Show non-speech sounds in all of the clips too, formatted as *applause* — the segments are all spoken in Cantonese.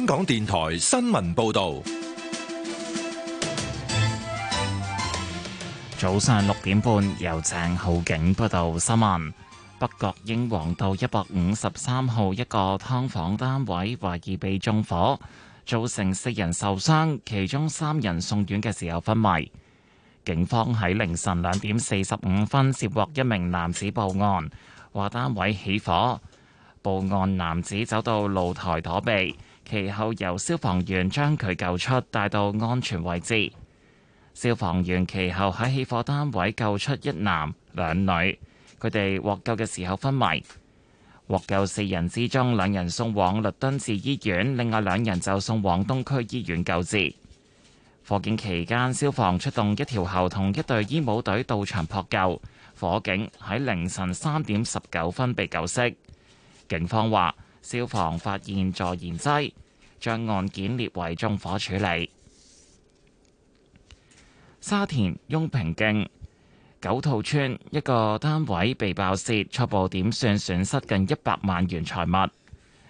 香港電台新聞報道，早上六點半由鄭浩景報道新聞。北角英皇道一百五十三號一個劏房單位懷疑被縱火，造成四人受傷，其中三人送院嘅時候昏迷。警方喺凌晨兩點四十五分接獲一名男子報案，話單位起火。報案男子走到露台躲避，其後由消防員將佢救出，帶到安全位置。消防員其後喺起火單位救出一男兩女，佢哋獲救嘅時候昏迷。獲救四人之中，兩人送往律敦治醫院，另外兩人就送往東區醫院救治。火警期間，消防出動一條喉同一隊醫務隊到場撲救。火警喺凌晨三點十九分被救熄。警方話：消防發現助燃劑，將案件列為縱火處理。沙田雍平徑九肚村一個單位被爆竊，初步點算損失近一百萬元財物。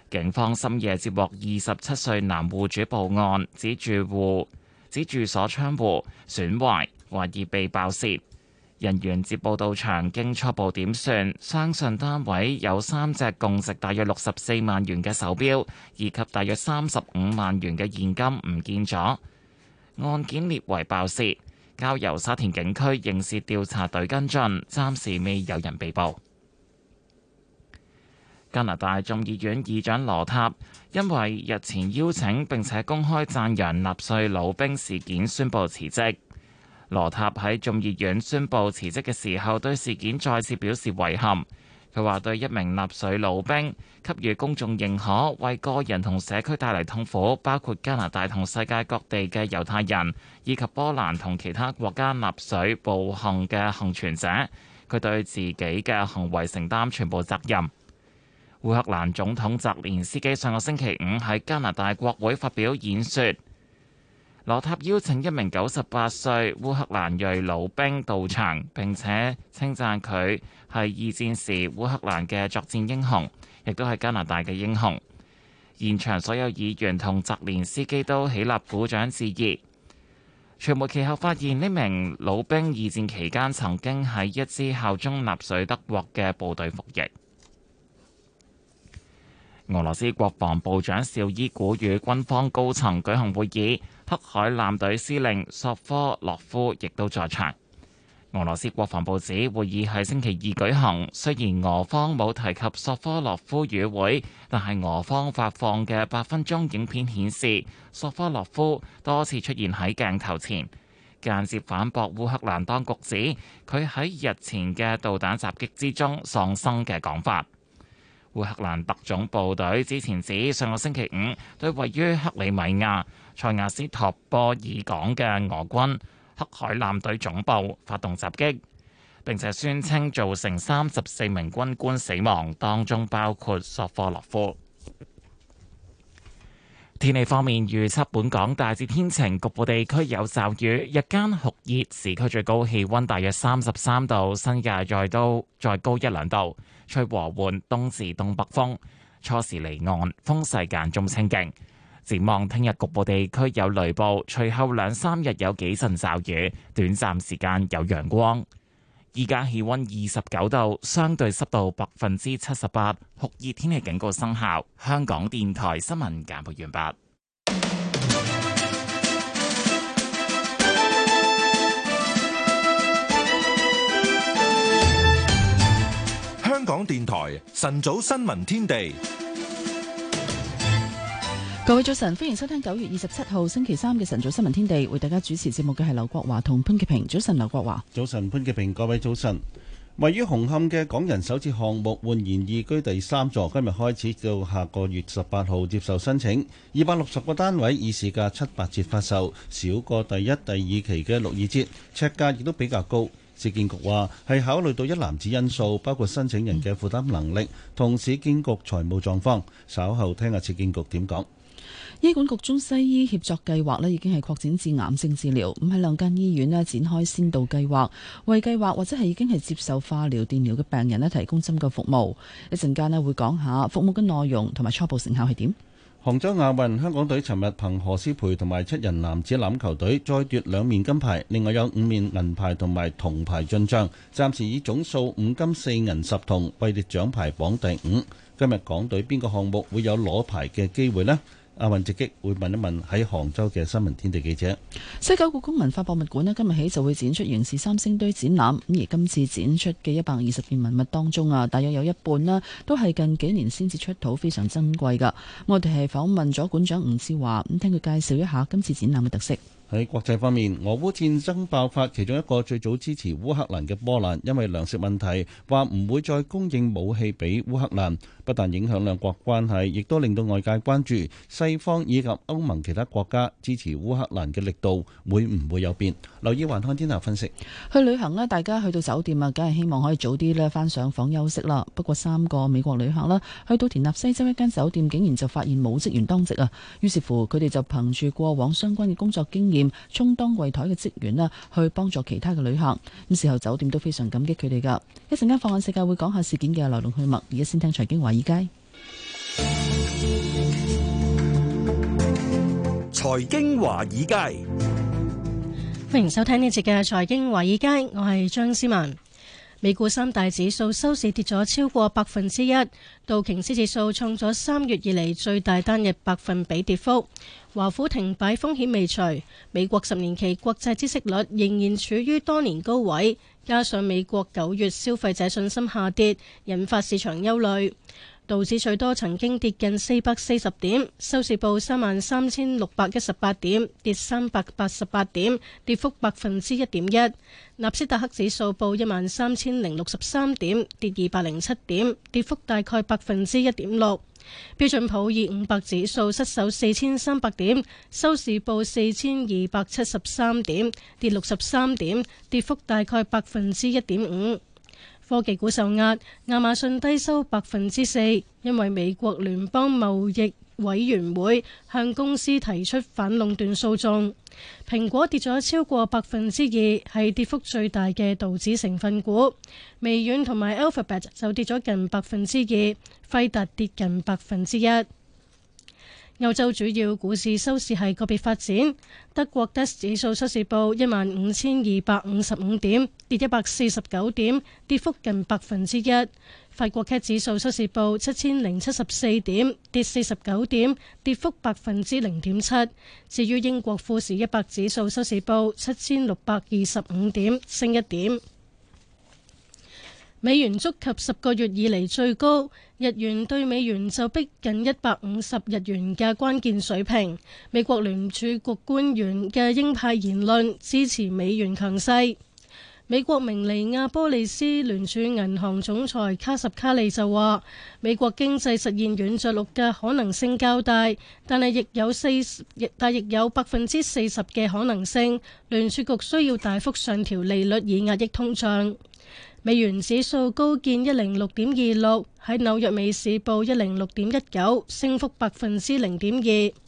警方深夜接獲二十七歲男戶主報案，指住戶指住所窗戶損壞，懷疑被爆竊。人員接報到場，經初步點算，相信單位有三隻共值大約六十四萬元嘅手錶，以及大約三十五萬元嘅現金唔見咗。案件列為爆竊，交由沙田警區刑事調查隊跟進，暫時未有人被捕。加拿大眾議院議長羅塔因為日前邀請並且公開讚揚納粹老兵事件，宣布辭職。羅塔喺眾議院宣布辭職嘅時候，對事件再次表示遺憾。佢話對一名納粹老兵給予公眾認可，為個人同社區帶嚟痛苦，包括加拿大同世界各地嘅猶太人，以及波蘭同其他國家納粹暴行嘅幸存者。佢對自己嘅行為承擔全部責任。烏克蘭總統澤連斯基上個星期五喺加拿大國會發表演說。羅塔邀請一名九十八歲烏克蘭裔老兵到場，並且稱讚佢係二戰時烏克蘭嘅作戰英雄，亦都係加拿大嘅英雄。現場所有議員同澤連斯基都起立鼓掌致意。傳媒其後發現呢名老兵二戰期間曾經喺一支效忠納粹德國嘅部隊服役。俄羅斯國防部長邵伊古與軍方高層舉行會議，黑海艦隊司令索科洛夫亦都在場。俄羅斯國防部指會議喺星期二舉行，雖然俄方冇提及索科洛夫與會，但係俄方發放嘅八分鐘影片顯示，索科洛夫多次出現喺鏡頭前，間接反駁烏克蘭當局指佢喺日前嘅導彈襲擊之中喪生嘅講法。烏克蘭特種部隊之前指，上個星期五對位於克里米亞塞瓦斯托波爾港嘅俄軍黑海艦隊總部發動襲擊，並且宣稱造成三十四名軍官死亡，當中包括索科洛夫。天氣方面，預測本港大致天晴，局部地區有驟雨，日間酷熱，市區最高氣溫大約三十三度，新界再都再高一兩度。吹和緩，東至東北風，初時離岸，風勢間中清勁。展望聽日局部地區有雷暴，隨後兩三日有幾陣驟雨，短暫時間有陽光。而家氣溫二十九度，相對濕度百分之七十八，酷熱天氣警告生效。香港電台新聞簡報完畢。港電台晨早新聞天地，各位早晨，歡迎收聽九月二十七號星期三嘅晨早新聞天地，為大家主持節目嘅係劉國華同潘潔平。早晨，劉國華，早晨，潘潔平，各位早晨。位於紅磡嘅港人首次項目煥然易居第三座，今日開始到下個月十八號接受申請，二百六十個單位以市價七八折發售，少過第一、第二期嘅六二折，尺價亦都比較高。市建局話係考慮到一籃子因素，包括申請人嘅負擔能力同市建局財務狀況。稍後聽下市建局點講。醫管局中西醫協作計劃咧已經係擴展至癌症治療，咁喺兩間醫院咧展開先導計劃，為計劃或者係已經係接受化療、電療嘅病人咧提供針灸服務。一陣間咧會講下服務嘅內容同埋初步成效係點。杭州亞運，香港隊尋日憑何詩蓓同埋七人男子欖球隊再奪兩面金牌，另外有五面銀牌同埋銅牌進賬，暫時以總數五金四銀十銅位列獎牌榜第五。今日港隊邊個項目會有攞牌嘅機會呢？阿云直擊，會問一問喺杭州嘅新聞天地記者，西九故宮文化博物館咧今日起就會展出凝視三星堆展覽。咁而今次展出嘅一百二十件文物當中啊，大約有一半咧都係近幾年先至出土，非常珍貴噶。我哋係訪問咗館長吳志華，咁聽佢介紹一下今次展覽嘅特色。喺國際方面，俄烏戰爭爆發，其中一個最早支持烏克蘭嘅波蘭，因為糧食問題，話唔會再供應武器俾烏克蘭，不但影響兩國關係，亦都令到外界關注西方以及歐盟其他國家支持烏克蘭嘅力度會唔會有變。留意環看天下分析。去旅行咧，大家去到酒店啊，梗係希望可以早啲咧返上房休息啦。不過三個美國旅客咧，去到田納西州一間酒店，竟然就發現冇職員當值啊。於是乎佢哋就憑住過往相關嘅工作經驗。充當櫃台嘅職員啦，去幫助其他嘅旅客。咁事後酒店都非常感激佢哋㗎。一陣間放眼世界會講下事件嘅來龍去脈，而家先聽財經華爾街。財經華爾街，歡迎收聽呢節嘅財經華爾街，我係張思文。美股三大指數收市跌咗超過百分之一，道瓊斯指數創咗三月以嚟最大單日百分比跌幅，華府停擺風險未除，美國十年期國債孳息率仍然處於多年高位，加上美國九月消費者信心下跌，引發市場憂慮。道指最多曾經跌近四百四十點，收市報三萬三千六百一十八點，跌三百八十八點，跌幅百分之一點一。納斯達克指數報一萬三千零六十三點，跌二百零七點，跌幅大概百分之一點六。標準普爾五百指數失守四千三百點，收市報四千二百七十三點，跌六十三點，跌幅大概百分之一點五。科技股受壓，亞馬遜低收百分之四，因為美國聯邦貿易委員會向公司提出反壟斷訴訟。蘋果跌咗超過百分之二，係跌幅最大嘅道指成分股。微軟同埋 Alphabet 就跌咗近百分之二，輝達跌近百分之一。歐洲主要股市收市係個別發展，德國 DAX 指數收市報一萬五千二百五十五點。跌一百四十九點，跌幅近百分之一。法國 CAC 指數收市報七千零七十四點，跌四十九點，跌幅百分之零點七。至於英國富時一百指數收市報七千六百二十五點，升一點。美元觸及十個月以嚟最高，日元對美元就逼近一百五十日元嘅關鍵水平。美國聯儲局官員嘅鷹派言論支持美元強勢。美國明尼阿波利斯聯儲銀行總裁卡什卡利就話，美國經濟實現軟著陸嘅可能性較大，但係亦有四，但亦有百分之四十嘅可能性，聯儲局需要大幅上調利率以壓抑通脹。美元指數高見一零六點二六，喺紐約美市報一零六點一九，升幅百分之零點二。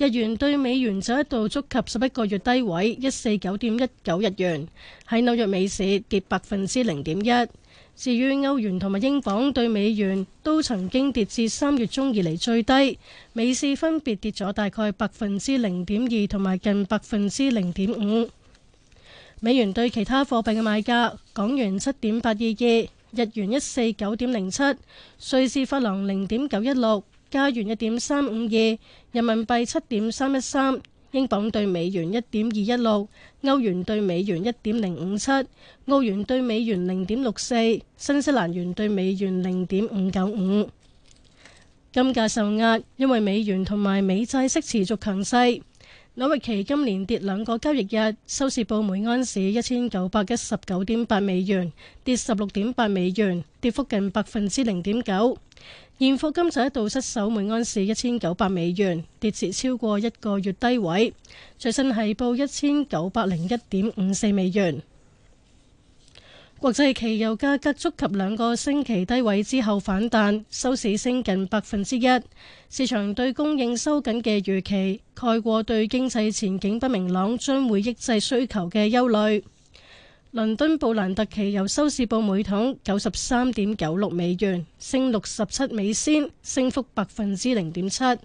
日元對美元就一度觸及十一個月低位，一四九點一九日元，喺紐約美市跌百分之零點一。至於歐元同埋英鎊對美元都曾經跌至三月中以嚟最低，美市分別跌咗大概百分之零點二同埋近百分之零點五。美元對其他貨幣嘅賣價：港元七點八二二，日元一四九點零七，瑞士法郎零點九一六。加元一點三五二，人民幣七點三一三，英鎊兌美元一點二一六，歐元兌美元一點零五七，澳元兌美元零點六四，新西蘭元兌美元零點五九五。金價受壓，因為美元同埋美債息持續強勢。紐約期金連跌兩個交易日，收市報每安士一千九百一十九點八美元，跌十六點八美元，跌幅近百分之零點九。現貨金就一度失守每安士一千九百美元，跌至超過一個月低位，最新係報一千九百零一點五四美元。國際期油價格觸及兩個星期低位之後反彈，收市升近百分之一。市場對供應收緊嘅預期蓋過對經濟前景不明朗將會抑制需求嘅憂慮。倫敦布蘭特期油收市報每桶九十三點九六美元，升六十七美仙，升幅百分之零點七。紐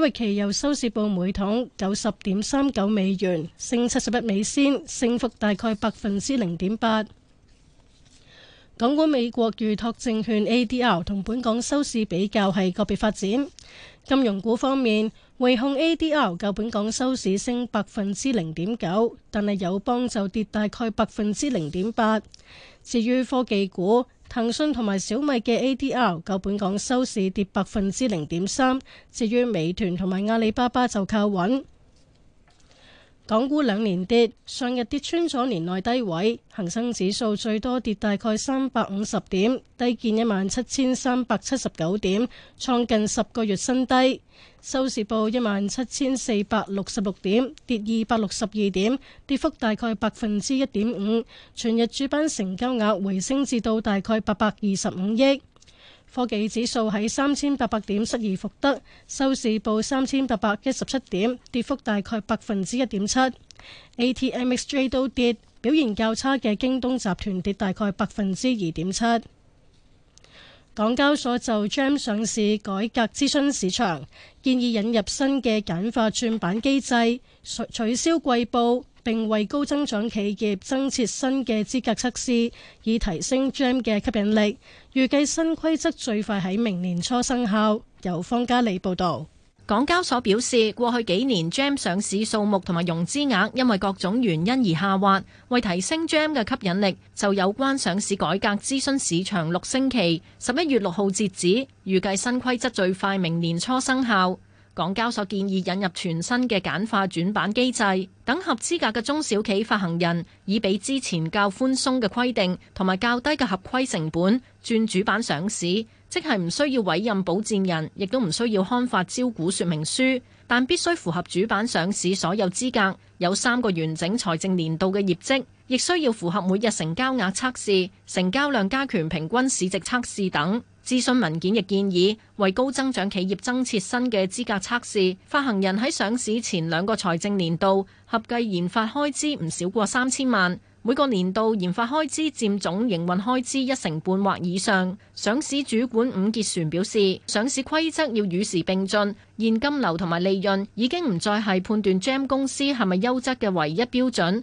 約期油收市報每桶九十點三九美元，升七十一美仙，升幅大概百分之零點八。港股美國預託證券 ADR 同本港收市比較係個別發展。金融股方面。匯控 ADR 較本港收市升百分之零點九，但係友邦就跌大概百分之零點八。至於科技股，騰訊同埋小米嘅 ADR 較本港收市跌百分之零點三。至於美團同埋阿里巴巴就靠穩。港股兩年跌，上日跌穿咗年內低位，恒生指數最多跌大概三百五十點，低見一萬七千三百七十九點，創近十個月新低。收市報一萬七千四百六十六點，跌二百六十二點，跌幅大概百分之一點五。全日主板成交額回升至到大概八百二十五億。科技指數喺三千八百點失而復得，收市報三千八百一十七點，跌幅大概百分之一點七。ATMXJ 都跌，表現較差嘅京東集團跌大概百分之二點七。港交所就將上市改革諮詢市場，建議引入新嘅簡化轉板機制，取消季報。並為高增長企業增設新嘅資格測試，以提升 GEM 嘅吸引力。預計新規則最快喺明年初生效。由方嘉利報道。港交所表示，過去幾年 GEM 上市數目同埋融資額因為各種原因而下滑，為提升 GEM 嘅吸引力，就有關上市改革諮詢市場六星期，十一月六號截止，預計新規則最快明年初生效。港交所建議引入全新嘅簡化轉板機制，等合資格嘅中小企發行人，以比之前較寬鬆嘅規定同埋較低嘅合規成本，轉主板上市，即係唔需要委任保薦人，亦都唔需要刊發招股說明書，但必須符合主板上市所有資格，有三個完整財政年度嘅業績，亦需要符合每日成交額測試、成交量加權平均市值測試等。諮詢文件亦建議為高增長企業增設新嘅資格測試，發行人喺上市前兩個財政年度合計研發開支唔少過三千萬，每個年度研發開支佔總營運開支一成半或以上。上市主管伍潔璇表示，上市規則要與時並進，現金流同埋利潤已經唔再係判斷 GEM 公司係咪優質嘅唯一標準。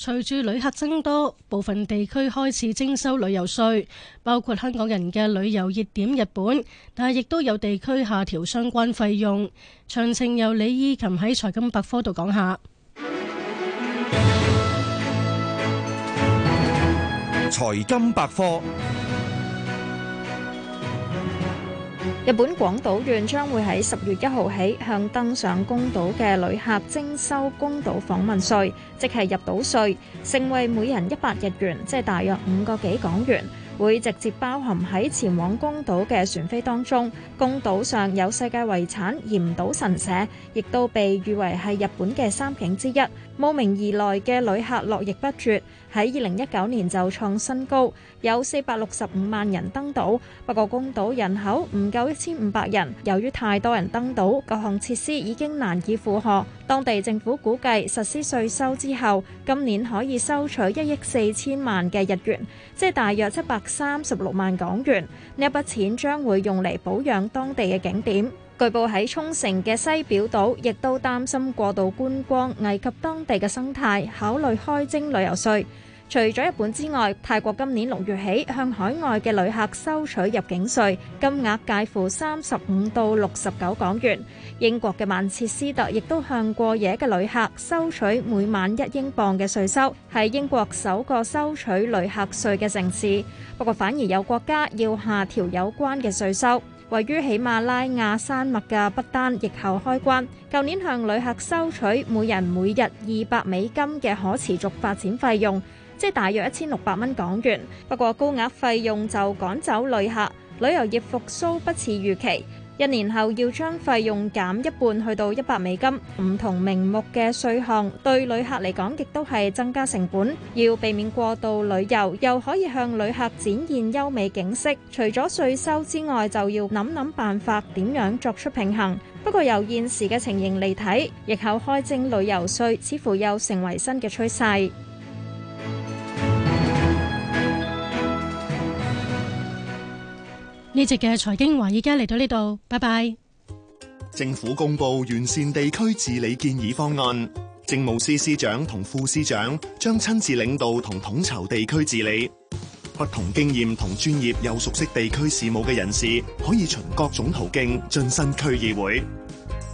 隨住旅客增多，部分地區開始徵收旅遊稅，包括香港人嘅旅遊熱點日本，但係亦都有地區下調相關費用。詳情由李依琴喺財金百科度講下。財金百科。日本廣島縣將會喺十月一號起向登上宮島嘅旅客徵收宮島訪問稅，即係入島稅，盛惠每人一百日元，即係大約五個幾港元，會直接包含喺前往宮島嘅船飛當中。宮島上有世界遺產嚴島神社，亦都被譽為係日本嘅三景之一，慕名而來嘅旅客絡繹不絕。喺二零一九年就創新高，有四百六十五萬人登島，不過公島人口唔夠一千五百人。由於太多人登島，各項設施已經難以負荷。當地政府估計實施稅收之後，今年可以收取一億四千萬嘅日元，即係大約七百三十六萬港元。呢一筆錢將會用嚟保養當地嘅景點。據報喺沖繩嘅西表島，亦都擔心過度觀光危及當地嘅生態，考慮開徵旅遊稅。除咗日本之外，泰國今年六月起向海外嘅旅客收取入境稅，金額介乎三十五到六十九港元。英國嘅曼徹斯特亦都向過夜嘅旅客收取每晚一英鎊嘅稅收，係英國首個收取旅客稅嘅城市。不過，反而有國家要下調有關嘅稅收。位於喜馬拉雅山脈嘅不丹疫後開關，舊年向旅客收取每人每日二百美金嘅可持續發展費用。即係大約一千六百蚊港元。不過高額費用就趕走旅客，旅遊業復蘇不似預期，一年後要將費用減一半，去到一百美金。唔同名目嘅稅項對旅客嚟講，亦都係增加成本。要避免過度旅遊，又可以向旅客展現優美景色。除咗稅收之外，就要諗諗辦法，點樣作出平衡。不過由現時嘅情形嚟睇，亦後開徵旅遊稅似乎又成為新嘅趨勢。呢集嘅財經華，而家嚟到呢度，拜拜。政府公布完善地區治理建議方案，政務司司長同副司長將親自領導同統籌地區治理。不同經驗同專業又熟悉地區事務嘅人士，可以循各種途徑進身區議會。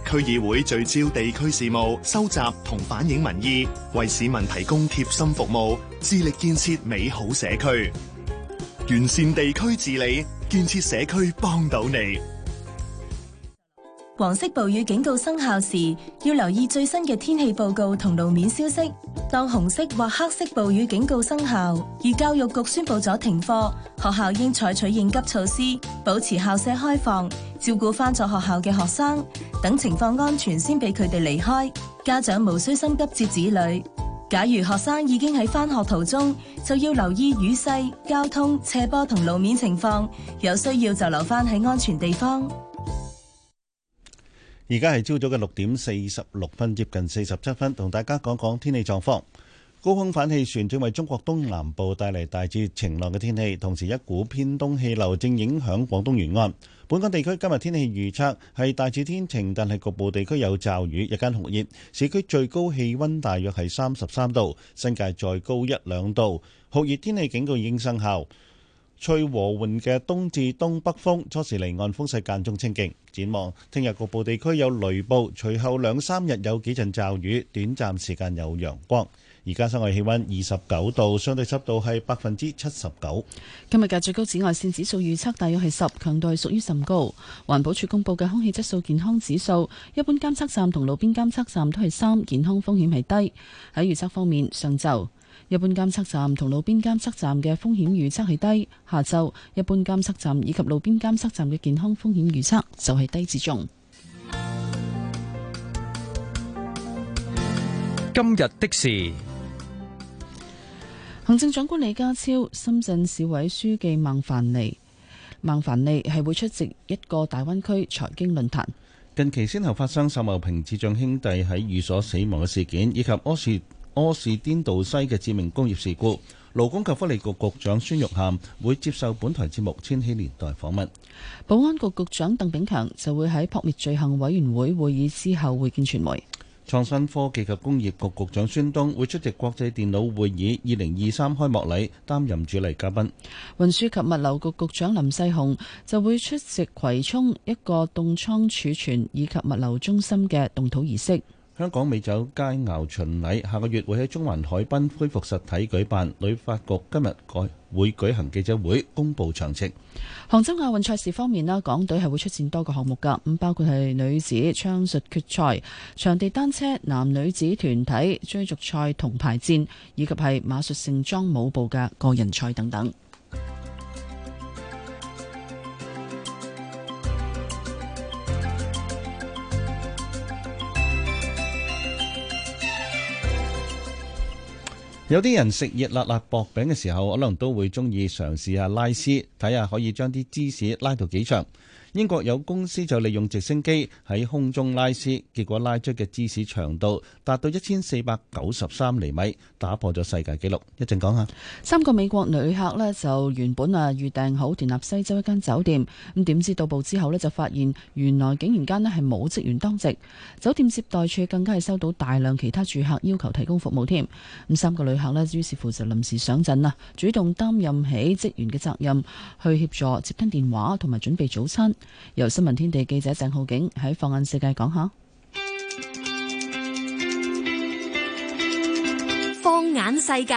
區議會聚焦地區事務，收集同反映民意，為市民提供貼心服務，致力建設美好社區。完善地區治理，建設社區，幫到你。黃色暴雨警告生效時，要留意最新嘅天氣報告同路面消息。當紅色或黑色暴雨警告生效，而教育局宣布咗停課，學校應採取應急措施，保持校舍開放，照顧翻咗學校嘅學生，等情況安全先俾佢哋離開。家長無需心急接子女。假如學生已經喺返學途中，就要留意雨勢、交通、斜坡同路面情況，有需要就留返喺安全地方。而家係朝早嘅六點四十六分，接近四十七分，同大家講講天氣狀況。高空反氣旋正為中國東南部帶嚟大致晴朗嘅天氣，同時一股偏東氣流正影響廣東沿岸。本港地區今日天氣預測係大致天晴，但係局部地區有驟雨，日間酷熱，市區最高氣温大約係三十三度，新界再高一兩度。酷熱天氣警告已經生效。吹和緩嘅東至東北風，初時離岸風勢間中清勁。展望聽日局部地區有雷暴，隨後兩三日有幾陣驟雨，短暫時間有陽光。而家室外氣溫二十九度，相對濕度係百分之七十九。今日嘅最高紫外線指數預測大約係十，強度係屬於甚高。環保署公布嘅空氣質素健康指數，一般監測站同路邊監測站都係三，健康風險係低。喺預測方面，上晝一般監測站同路邊監測站嘅風險預測係低，下晝一般監測站以及路邊監測站嘅健康風險預測就係低至中。今日的事。行政長官李家超、深圳市委書記孟凡利、孟凡利係會出席一個大灣區財經論壇。近期先後發生沈茂平智障兄弟喺寓所死亡嘅事件，以及柯士柯士甸道西嘅致命工業事故。勞工及福利局局，局長孫玉菡會接受本台節目《千禧年代》訪問。保安局局長鄧炳強就會喺撲滅罪行委員會會議之後會見傳媒。創新科技及工業局局長孫東會出席國際電腦會議二零二三開幕禮，擔任主禮嘉賓。運輸及物流局局長林世雄就會出席葵涌一個凍倉儲存以及物流中心嘅動土儀式。香港美酒佳肴巡禮下個月會喺中環海濱恢復實體舉辦，旅發局今日改。會舉行記者會公布詳情。杭州亞運賽事方面啦，港隊係會出戰多個項目噶，咁包括係女子槍術決賽、場地單車、男女子團體追逐賽、銅牌戰，以及係馬術盛裝舞步嘅個人賽等等。有啲人食熱辣辣薄餅嘅時候，可能都會鍾意嘗試下拉絲，睇下可以將啲芝士拉到幾長。英國有公司就利用直升機喺空中拉絲，結果拉出嘅芝士長度達到一千四百九十三厘米。打破咗世界紀錄，一陣講下。三個美國旅客呢就原本啊預訂好田納西州一間酒店，咁點知到埗之後呢，就發現原來竟然間呢係冇職員當值，酒店接待處更加係收到大量其他住客要求提供服務添。咁三個旅客呢，於是乎就臨時上陣喇，主動擔任起職員嘅責任去協助接聽電話同埋準備早餐。由新聞天地記者鄭浩景喺放眼世界講下。放眼世界，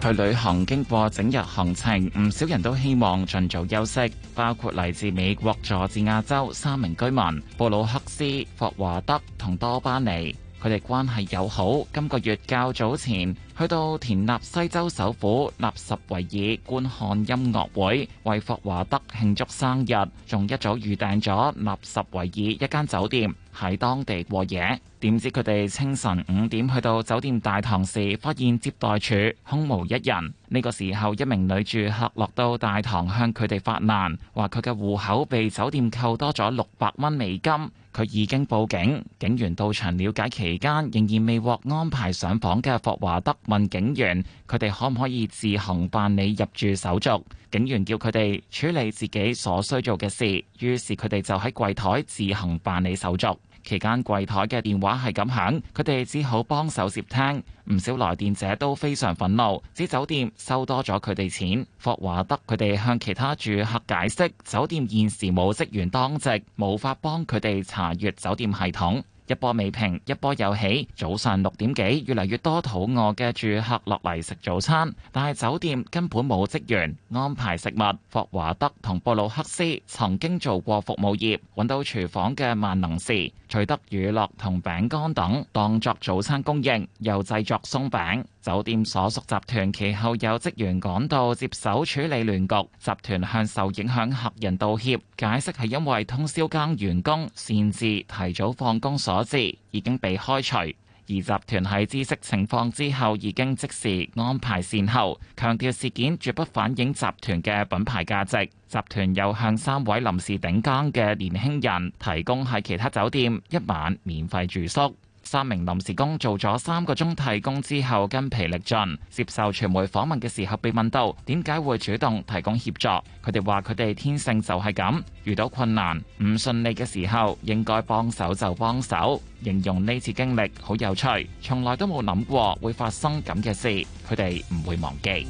去旅行經過整日行程，唔少人都希望盡早休息。包括嚟自美國，佐治亞州三名居民布魯克斯、霍華德同多巴尼，佢哋關係友好。今個月較早前，去到田納西州首府納什維爾觀看音樂會，為霍華德慶祝生日，仲一早預訂咗納什維爾一間酒店喺當地過夜。點知佢哋清晨五點去到酒店大堂時，發現接待處空無一人。呢個時候，一名女住客落到大堂向佢哋發難，話佢嘅戶口被酒店扣多咗六百蚊美金。佢已經報警，警員到場了解期間仍然未獲安排上房嘅霍華德問警員：佢哋可唔可以自行辦理入住手續？警員叫佢哋處理自己所需做嘅事，於是佢哋就喺櫃台自行辦理手續。期間櫃台嘅電話係咁響，佢哋只好幫手接聽。唔少來電者都非常憤怒，指酒店收多咗佢哋錢。霍華德佢哋向其他住客解釋，酒店現時冇職員當值，無法幫佢哋查閱酒店系統。一波未平，一波又起。早上六點幾，越嚟越多肚餓嘅住客落嚟食早餐，但係酒店根本冇職員安排食物。霍華德同布魯克斯曾經做過服務業，揾到廚房嘅萬能匙，取得乳酪同餅乾等當作早餐供應，又製作鬆餅。酒店所屬集團其後有職員趕到接手處理亂局，集團向受影響客人道歉，解釋係因為通宵更員工擅自提早放工所致，已經被開除。而集團喺知悉情況之後，已經即時安排善後，強調事件絕不反映集團嘅品牌價值。集團又向三位臨時頂更嘅年輕人提供喺其他酒店一晚免費住宿。三名臨時工做咗三個鐘替工之後筋疲力盡，接受傳媒訪問嘅時候被問到點解會主動提供協助，佢哋話佢哋天性就係咁，遇到困難唔順利嘅時候應該幫手就幫手，形容呢次經歷好有趣，從來都冇諗過會發生咁嘅事，佢哋唔會忘記。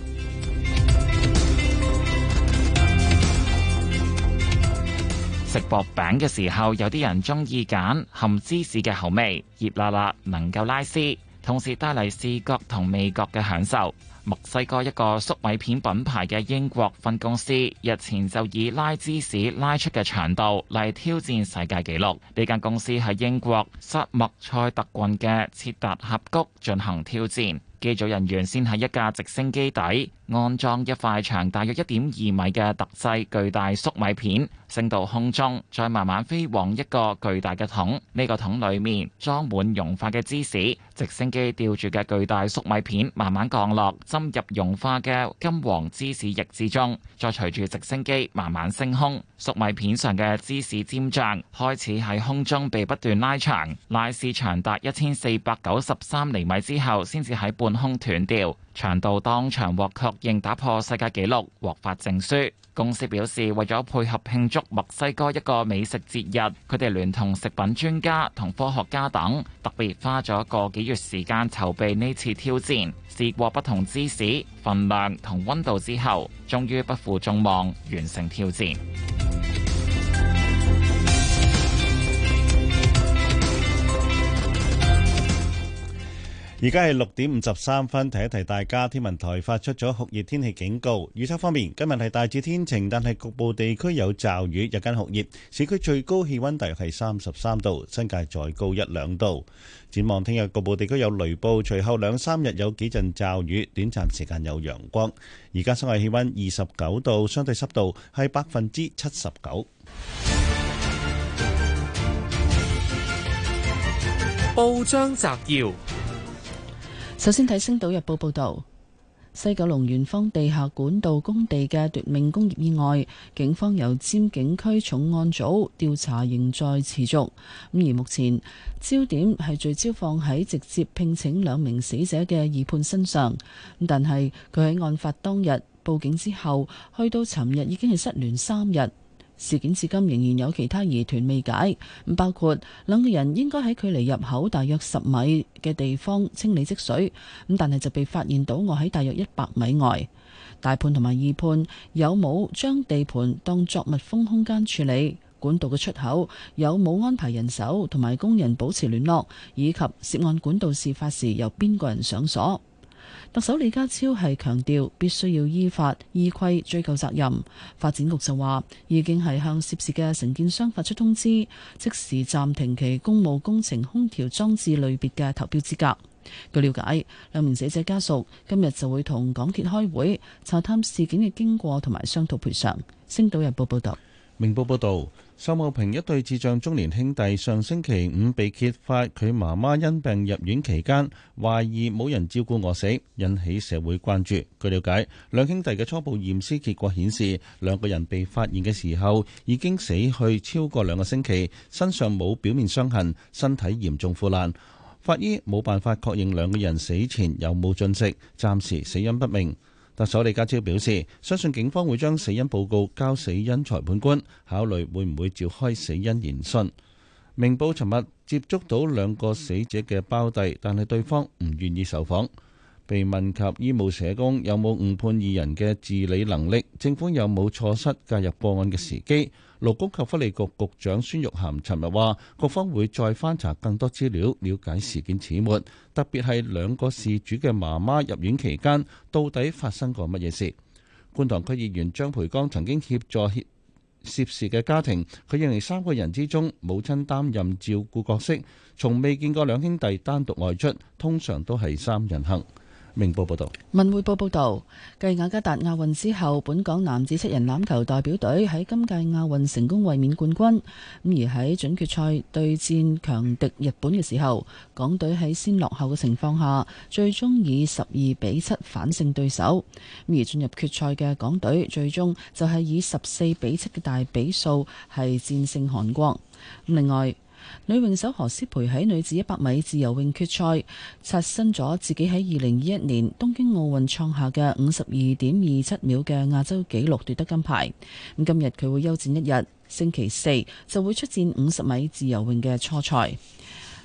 食薄餅嘅時候，有啲人中意揀含芝士嘅口味，熱辣辣能夠拉絲，同時帶嚟視覺同味覺嘅享受。墨西哥一個粟米片品牌嘅英國分公司日前就以拉芝士拉出嘅長度嚟挑戰世界紀錄。呢間公司喺英國塞默塞特郡嘅切達峽谷進行挑戰，機組人員先喺一架直升機底，安裝一塊長大約一點二米嘅特製巨大粟米片，升到空中，再慢慢飛往一個巨大嘅桶。呢、這個桶裡面裝滿融化嘅芝士。直升機吊住嘅巨大粟米片慢慢降落，浸入融化嘅金黃芝士液之中。再隨住直升機慢慢升空，粟米片上嘅芝士尖醬開始喺空中被不斷拉長，拉絲長達一千四百九十三厘米之後，先至喺半空斷掉。長度當場獲確認打破世界紀錄，獲發證書。公司表示，為咗配合慶祝墨西哥一個美食節日，佢哋聯同食品專家同科學家等，特別花咗個幾月時間籌備呢次挑戰。試過不同芝士、份量同溫度之後，終於不負眾望完成挑戰。而家係六點五十三分，提一提大家，天文台發出咗酷熱天氣警告。預測方面，今日係大致天晴，但係局部地區有驟雨，日間酷熱。市區最高氣溫大約係三十三度，新界再高一兩度。展望聽日，局部地區有雷暴，隨後兩三日有幾陣驟雨，短暫時間有陽光。而家室外氣溫二十九度，相對濕度係百分之七十九。報章摘要。首先睇《星島日報》報道，西九龍圓方地下管道工地嘅奪命工業意外，警方由尖警區重案組調查仍在持續。咁而目前焦點係聚焦放喺直接聘請兩名死者嘅疑判身上。但係佢喺案發當日報警之後，去到尋日已經係失聯三日。事件至今仍然有其他疑團未解，包括兩個人應該喺距離入口大約十米嘅地方清理積水，咁但係就被發現倒臥喺大約一百米外。大判同埋二判有冇將地盤當作密封空間處理？管道嘅出口有冇安排人手同埋工人保持聯絡？以及涉案管道事發時由邊個人上鎖？特首李家超係強調，必須要依法依規追究責任。發展局就話，已經係向涉事嘅承建商發出通知，即時暫停其公務工程空調裝置類別嘅投標資格。據了解，兩名死者家屬今日就會同港鐵開會，查探事件嘅經過同埋商討賠償。星島日報報道。明報報道，秀茂坪一對智障中年兄弟上星期五被揭發，佢媽媽因病入院期間，懷疑冇人照顧餓死，引起社會關注，據了解，兩兄弟嘅初步驗屍結果顯示，兩個人被發現嘅時候，已經死去超過兩個星期，身上冇表面傷痕，身體嚴重腐爛，法醫冇辦法確認兩個人死前有冇進食，暫時死因不明。特首李家超表示，相信警方會將死因報告交死因裁判官考慮，會唔會召開死因研訊。明報尋日接觸到兩個死者嘅胞弟，但係對方唔願意受訪。被問及醫務社工有冇誤判二人嘅自理能力，政府有冇錯失介入報案嘅時機。勞工及福利局局長孫玉菡尋日話，各方會再翻查更多資料，了解事件始末，特別係兩個事主嘅媽媽入院期間到底發生過乜嘢事。觀塘區議員張培剛曾經協助涉涉事嘅家庭，佢認為三個人之中母親擔任照顧角色，從未見過兩兄弟單獨外出，通常都係三人行。明報報道，文匯報報道，繼雅加達亞運之後，本港男子七人欖球代表隊喺今屆亞運成功衛冕冠軍。咁而喺準決賽對戰強敵日本嘅時候，港隊喺先落後嘅情況下，最終以十二比七反勝對手。而進入決賽嘅港隊，最終就係以十四比七嘅大比數係戰勝韓國。另外。女泳手何詩蓓喺女子一百米自由泳決賽刷新咗自己喺二零二一年東京奧運創下嘅五十二點二七秒嘅亞洲紀錄，奪得金牌。咁今日佢會休戰一日，星期四就會出戰五十米自由泳嘅初賽。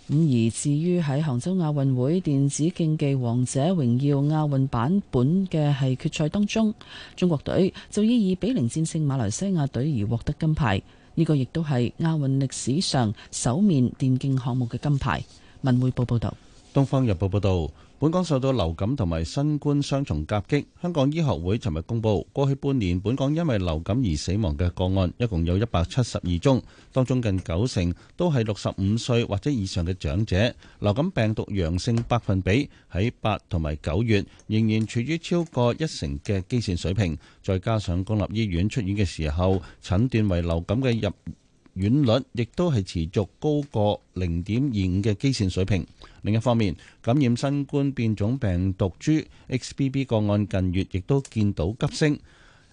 咁而至於喺杭州亞運會電子競技王者榮耀亞運版本嘅係決賽當中，中國隊就以二比零戰勝馬來西亞隊而獲得金牌。呢個亦都係亞運歷史上首面電競項目嘅金牌。文匯報報道。《東方日報》報道。本港受到流感同埋新冠雙重夾擊，香港醫學會尋日公布過去半年本港因為流感而死亡嘅個案，一共有一百七十二宗，當中近九成都係六十五歲或者以上嘅長者。流感病毒陽性百分比喺八同埋九月仍然處於超過一成嘅基線水平。再加上公立醫院出院嘅時候診斷為流感嘅入院率亦都係持續高過零點二五嘅基線水平。另一方面，感染新冠變種病毒株 XBB 個案近月亦都見到急升。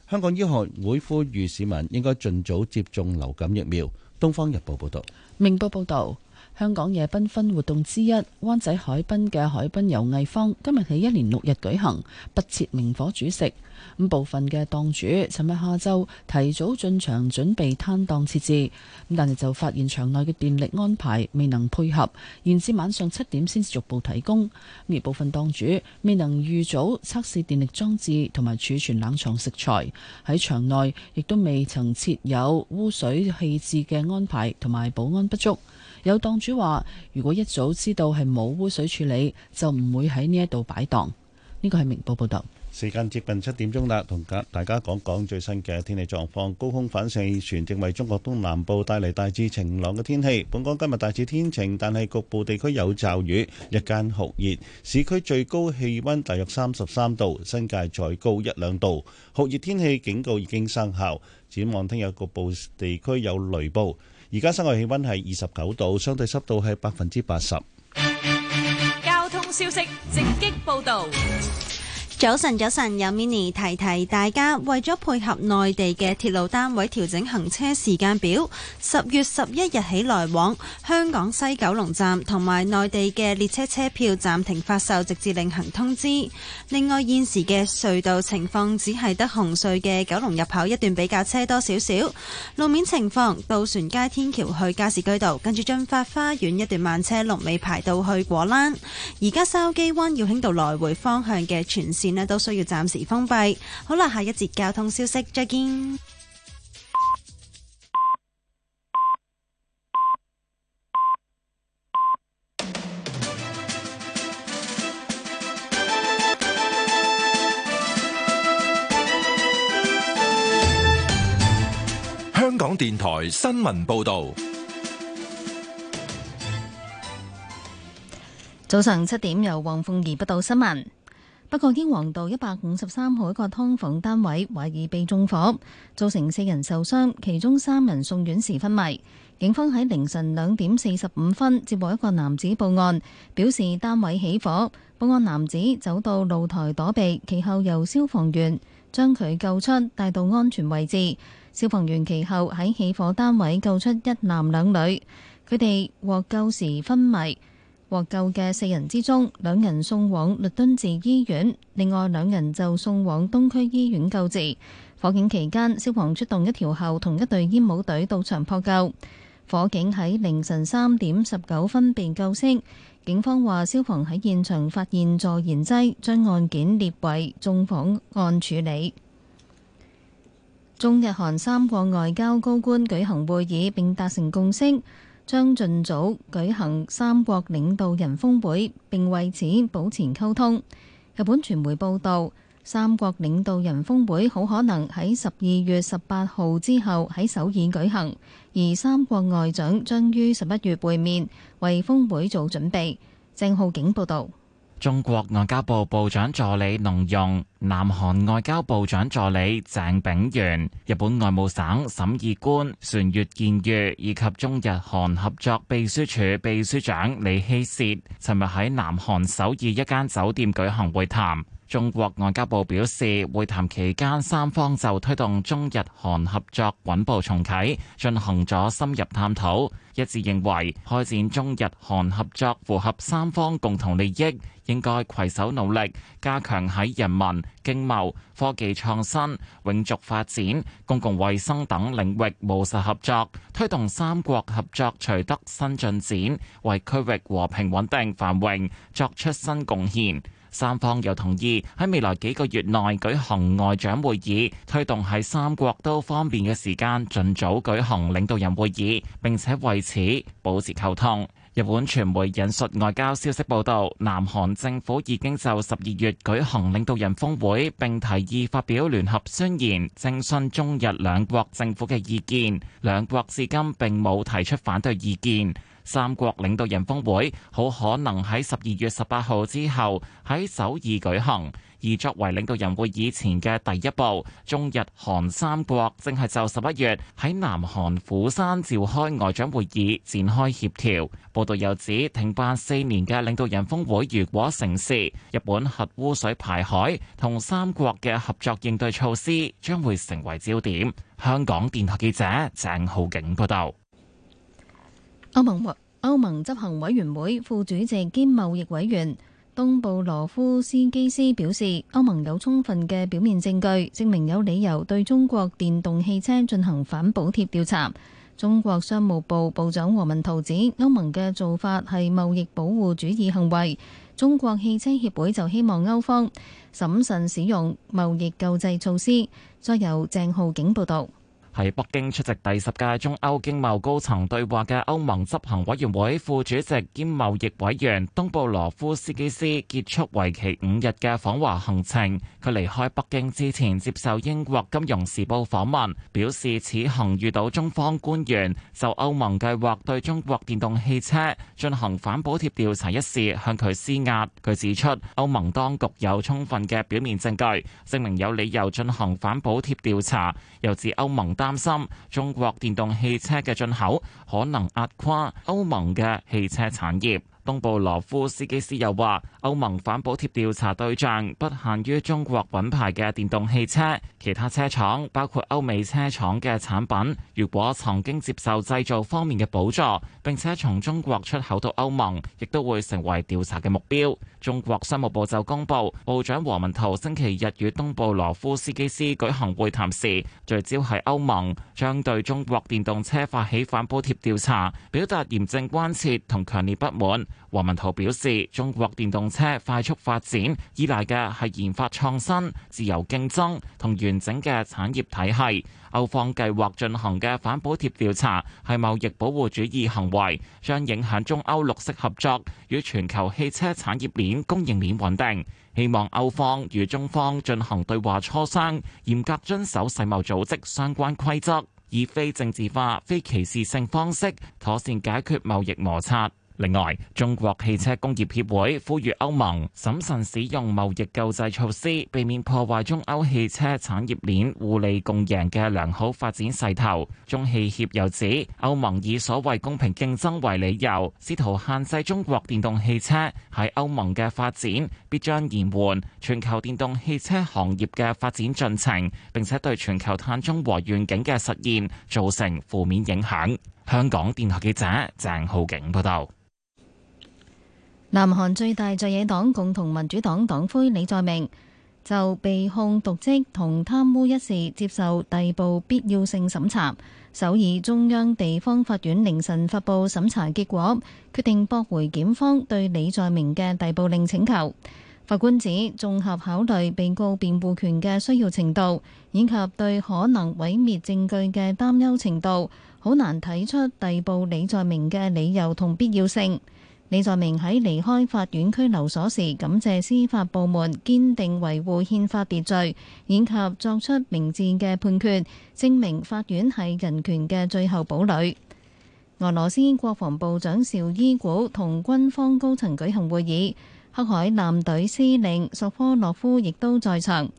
香港醫學會呼籲市民應該盡早接種流感疫苗。《東方日報》報道。《明報》報導。香港夜繽紛活動之一，灣仔海濱嘅海濱遊藝坊今日起一連六日舉行，不設明火煮食。咁部分嘅檔主尋日下晝提早進場準備攤檔設置，咁但係就發現場內嘅電力安排未能配合，延至晚上七點先至逐步提供。而部分檔主未能預早測試電力裝置同埋儲存冷藏食材喺場內，亦都未曾設有污水棄置嘅安排，同埋保安不足。有檔主話，如果一早知道係冇污水處理，就唔會喺呢一度擺檔。呢個係明報報道。時間接近七點鐘啦，同大家講講最新嘅天氣狀況。高空反氣旋正為中國東南部帶嚟大致晴朗嘅天氣。本港今日大致天晴，但係局部地區有驟雨，日間酷熱，市區最高氣溫大約三十三度，新界再高一兩度。酷熱天氣警告已經生效，展望聽日局部地區有雷暴。而家室外氣温係二十九度，相對濕度係百分之八十。交通消息，直擊報導。早晨，早晨，有 mini 提提大家，為咗配合內地嘅鐵路單位調整行車時間表，十月十一日起來往香港西九龍站同埋內地嘅列車車票暫停發售，直至另行通知。另外，現時嘅隧道情況只係得紅隧嘅九龍入口一段比較車多少少，路面情況，渡船街天橋去加士居道，跟住駿發花園一段慢車龍尾排到去果欄，而家筲箕灣耀興道來回方向嘅全線。呢都需要暫時封閉。好啦，下一節交通消息，再見。香港電台新聞報道，早上七點由黃鳳儀報道新聞。不過英皇道一百五十三號一個劏房單位懷疑被縱火，造成四人受傷，其中三人送院時昏迷。警方喺凌晨兩點四十五分接獲一個男子報案，表示單位起火。報案男子走到露台躲避，其後由消防員將佢救出，帶到安全位置。消防員其後喺起火單位救出一男兩女，佢哋獲救時昏迷。獲救嘅四人之中，兩人送往律敦治醫院，另外兩人就送往東區醫院救治。火警期間消防出動一條後同一隊煙霧隊到場破救消防鳴信將盡早舉行三國領導人峰會，並為此保持溝通。日本傳媒報道，三國領導人峰會好可能喺十二月十八號之後喺首爾舉行，而三國外長將於十一月會面，為峰會做準備。鄭浩景報道。中國外交部部長助理農融、南韓外交部長助理鄭炳元、日本外務省審議官船越健裕以及中日韓合作秘書處秘書長李希涉，尋日喺南韓首爾一間酒店舉行會談。中國外交部表示，會談期間三方就推動中日韓合作穩步重啟進行咗深入探討，一致認為開展中日韓合作符合三方共同利益，應該攜手努力，加強喺人民、經貿、科技創新、永續發展、公共衛生等領域務實合作，推動三國合作取得新進展，為區域和平穩定繁榮作出新貢獻。三方又同意喺未來幾個月內舉行外長會議，推動喺三國都方便嘅時間，盡早舉行領導人會議，並且為此保持溝通。日本傳媒引述外交消息報道，南韓政府已經就十二月舉行領導人峰會並提議發表聯合宣言，徵詢中日兩國政府嘅意見，兩國至今並冇提出反對意見。三國領導人峰會好可能喺十二月十八號之後喺首爾舉行，而作為領導人會議前嘅第一步，中日韓三國正係就十一月喺南韓釜山召開外長會議展開協調，報道又指，停辦四年嘅領導人峰會如果成事，日本核污水排海同三國嘅合作應對措施將會成為焦點，香港電台記者鄭浩景報道。歐盟委歐盟執行委員會副主席兼貿易委員東布羅夫斯基斯表示，歐盟有充分嘅表面證據，證明有理由對中國電動汽車進行反補貼調查。中國商務部部長王文濤指，歐盟嘅做法係貿易保護主義行為。中國汽車協會就希望歐方審慎使用貿易救濟措施。再由鄭浩景報道。喺北京出席第十屆中歐經貿高層對話嘅歐盟執行委員會副主席兼貿易委員東布羅夫斯基斯結束為期五日嘅訪華行程。佢離開北京之前接受英國《金融時報》訪問，表示此行遇到中方官員就歐盟計劃對中國電動汽車進行反補貼調查一事向佢施壓。佢指出，歐盟當局有充分嘅表面證據，證明有理由進行反補貼調查，又指歐盟擔心中國電動汽車嘅進口可能壓垮歐盟嘅汽車產業。東布羅夫斯基斯又話，歐盟反補貼調查對象不限於中國品牌嘅電動汽車，其他車廠包括歐美車廠嘅產品，如果曾經接受製造方面嘅補助，並且從中國出口到歐盟，亦都會成為調查嘅目標。中國商務部就公布，部長王文濤星期日與東布羅夫斯基斯舉行會談時，聚焦係歐盟將對中國電動車發起反補貼調查，表達嚴正關切同強烈不滿。王文濤表示，中國電動車快速發展依賴嘅係研發創新、自由競爭同完整嘅產業體系。歐方計劃進行嘅反補貼調查係貿易保護主義行為，將影響中歐綠色合作與全球汽車產業鏈供應鏈穩定。希望歐方與中方進行對話磋商，嚴格遵守世貿組織相關規則，以非政治化、非歧視性方式妥善解決貿易摩擦。另外，中國汽車工業協會呼籲歐盟審慎使用貿易救濟措施，避免破壞中歐汽車產業鏈互利共贏嘅良好發展勢頭。中汽協又指，歐盟以所謂公平競爭為理由，試圖限制中國電動汽車喺歐盟嘅發展，必將延緩全球電動汽車行業嘅發展進程，並且對全球碳中和願景嘅實現造成負面影響。香港電台記者鄭浩景報道。南韓最大在野黨共同民主黨黨魁李在明就被控瀆職同貪污一事，接受逮捕必要性審查。首爾中央地方法院凌晨發佈審查結果，決定駁回檢方對李在明嘅逮捕令請求。法官指，綜合考慮被告辯護權嘅需要程度，以及對可能毀滅證據嘅擔憂程度，好難睇出逮捕李在明嘅理由同必要性。李在明喺離開法院拘留所時，感謝司法部門堅定維護憲法秩序，以及作出明智嘅判決，證明法院係人權嘅最後堡壘。俄羅斯國防部長邵伊古同軍方高層舉行會議，黑海艦隊司令索科洛夫亦都在場。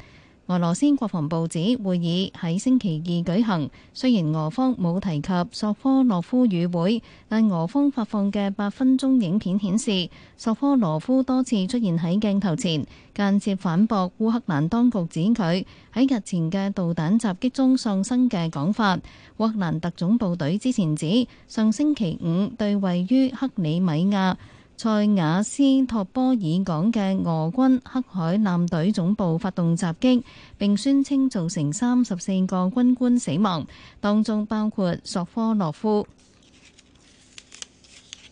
俄羅斯國防部指會議喺星期二舉行，雖然俄方冇提及索科洛夫與會，但俄方發放嘅八分鐘影片顯示，索科洛夫多次出現喺鏡頭前，間接反駁烏克蘭當局指佢喺日前嘅導彈襲擊中喪生嘅講法。烏克蘭特種部隊之前指，上星期五對位於克里米亞塞瓦斯托波爾港嘅俄軍黑海艦隊總部發動襲擊，並宣稱造成三十四個軍官死亡，當中包括索科洛夫。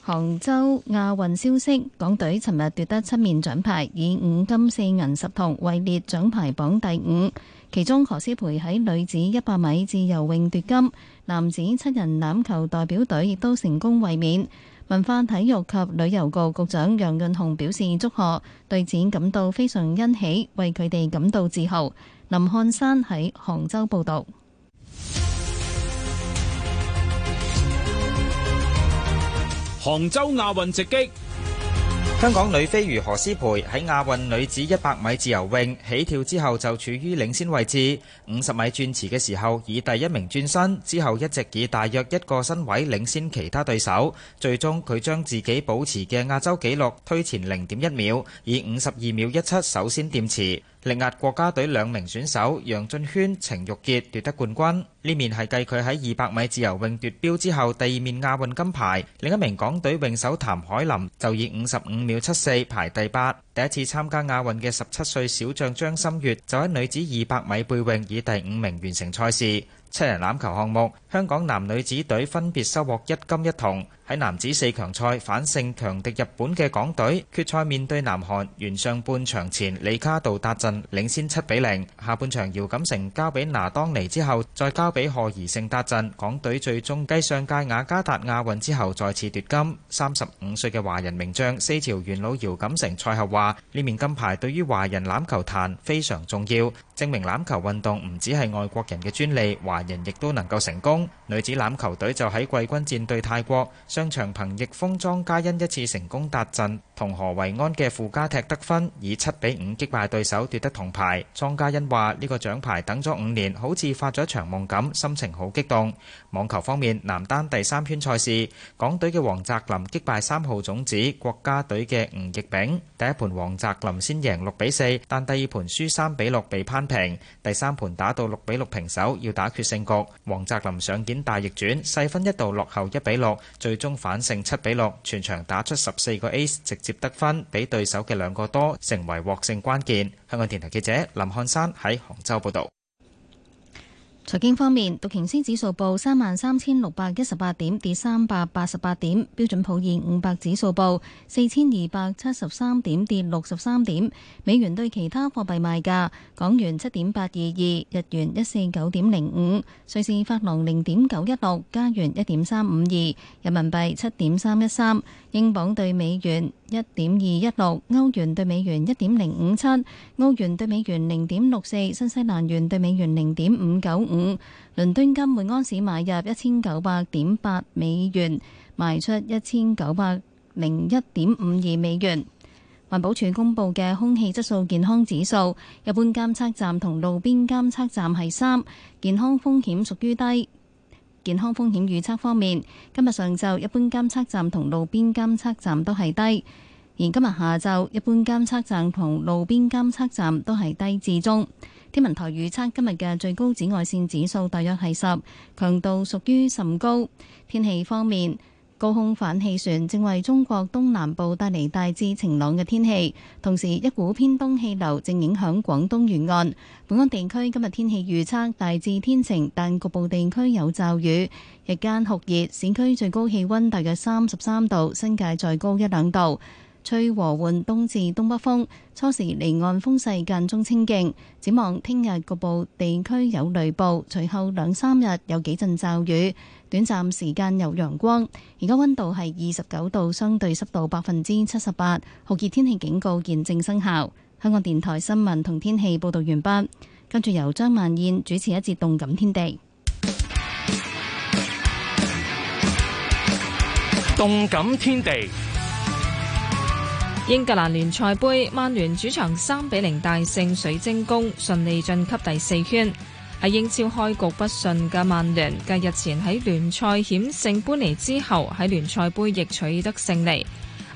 杭州亞運消息，港隊尋日奪得七面獎牌，以五金四銀十銅位列獎牌榜第五。其中何詩蓓喺女子一百米自由泳奪金，男子七人欖球代表隊亦都成功衛冕。文化體育及旅遊局局長楊潤雄表示祝賀，對此感到非常欣喜，為佢哋感到自豪。林漢山喺杭州報導。杭州亞運直擊。香港女飛魚何詩蓓喺亞運女子一百米自由泳起跳之後就處於領先位置，五十米轉池嘅時候以第一名轉身，之後一直以大約一個身位領先其他對手，最終佢將自己保持嘅亞洲紀錄推前零點一秒，以五十二秒一七首先掂池。力壓國家隊兩名選手楊俊軒、程玉潔奪得冠軍，呢面係繼佢喺二百米自由泳奪標之後第二面亞運金牌。另一名港隊泳手譚凱琳就以五十五秒七四排第八。第一次參加亞運嘅十七歲小將張心月就喺女子二百米背泳以第五名完成賽事。七人欖球項目，香港男女子隊分別收穫一金一銅。喺男子四強賽反勝強敵日本嘅港隊決賽面對南韓，完上半場前李卡道達陣領先七比零，下半場姚錦成交俾拿當尼之後再交俾賀儀勝達陣，港隊最終繼上屆雅加達亞運之後再次奪金。三十五歲嘅華人名將四朝元老姚錦成賽後話：呢面金牌對於華人欖球壇非常重要，證明欖球運動唔只係外國人嘅專利，華人亦都能夠成功。女子欖球隊就喺季軍戰對泰國。張長朋逆風莊嘉欣一次成功達陣。同何惠安嘅附加踢得分，以七比五擊敗對手奪得銅牌。莊家欣話呢個獎牌等咗五年，好似發咗一場夢咁，心情好激動。網球方面，男單第三圈賽事，港隊嘅黃澤林擊敗三號種子國家隊嘅吳易昺。第一盤黃澤林先贏六比四，但第二盤輸三比六被攀平。第三盤打到六比六平手，要打決勝局，黃澤林上演大逆轉，細分一度落後一比六，最終反勝七比六，全場打出十四個 ace，直接得分比對手嘅兩個多，成為獲勝關鍵，香港電台記者林漢山喺杭州報道。財經方面，道瓊斯指數報三萬三千六百一十八點，跌三百八十八點；標準普爾五百指數報四千二百七十三點，跌六十三點。美元對其他貨幣賣價：港元七點八二二，日元一四九點零五，瑞士法郎零點九一六，加元一點三五二，人民幣七點三一三，英鎊對美元一點二一六，歐元對美元一點零五七，澳元對美元零點六四，新西蘭元對美元零點五九五。五倫敦金每安士買入一千九百點八美元，賣出一千九百零一點五二美元。環保署公布嘅空氣質素健康指數，一般監測站同路邊監測站係三，健康風險屬於低。健康風險預測方面，今日上晝一般監測站同路邊監測站都係低，而今日下晝一般監測站同路邊監測站都係低至中。天文台預測今日嘅最高紫外線指數大約係十，強度屬於甚高。天氣方面，高空反氣旋正為中國東南部帶嚟大致晴朗嘅天氣，同時一股偏東氣流正影響廣東沿岸。本港地區今日天氣預測大致天晴，但局部地區有驟雨。日間酷熱，市區最高氣溫大約三十三度，新界再高一兩度。吹和緩東至東北風，初時離岸風勢間中清勁。展望聽日局部地區有雷暴，隨後兩三日有幾陣驟雨，短暫時間有陽光。而家溫度係二十九度，相對濕度百分之七十八。酷熱天氣警告現正生效。香港電台新聞同天氣報道完畢，跟住由張萬燕主持一節動感天地。動感天地。英格蘭聯賽盃，曼聯主場三比零大勝水晶宮，順利晉級第四圈。喺英超開局不順嘅曼聯，繼日前喺聯賽險勝般尼之後，喺聯賽盃亦取得勝利。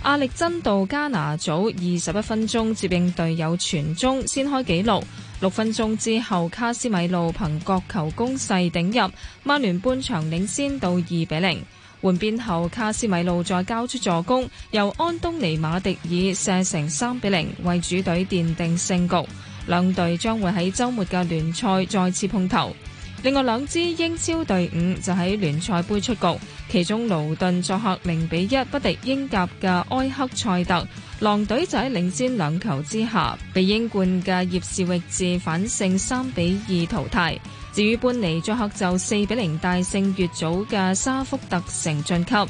阿歷真道加拿祖二十一分鐘接應隊友傳中，先開紀錄。六分鐘之後，卡斯米路憑角球攻勢頂入，曼聯半場領先到二比零。換邊後，卡斯米路再交出助攻，由安東尼馬迪爾射成三比零，為主隊奠定勝局。兩隊將會喺週末嘅聯賽再次碰頭。另外兩支英超隊伍就喺聯賽杯出局，其中盧頓作客零比一不敵英甲嘅埃克塞特，狼隊就喺領先兩球之下，被英冠嘅葉士域治反勝三比二淘汰。至於班尼作客就四比零大勝越早嘅沙福特城晉級。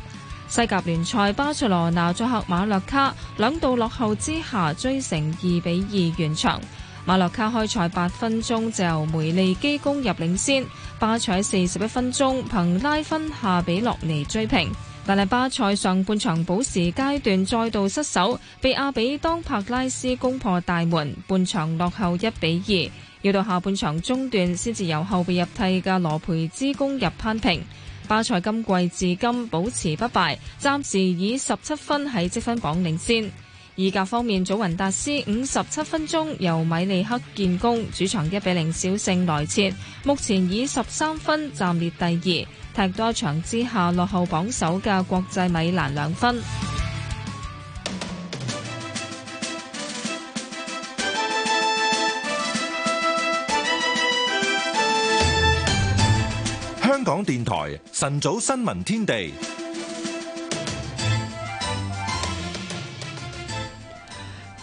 西甲聯賽巴塞羅那作客馬洛卡，兩度落後之下追成二比二完場。馬洛卡開賽八分鐘就由梅利基攻入領先，巴塞四十一分鐘憑拉分下比洛尼追平，但係巴塞上半場補時階段再度失手，被阿比當帕拉斯攻破大門，半場落後一比二。要到下半場中段先至由後備入替嘅羅培茲攻入扳平。巴塞今季至今保持不敗，暫時以十七分喺積分榜領先。意甲方面，祖雲達斯五十七分鐘由米利克建功，主場一比零小勝來切，目前以十三分暫列第二，踢多場之下落後榜首嘅國際米蘭兩分。港電台晨早新聞天地，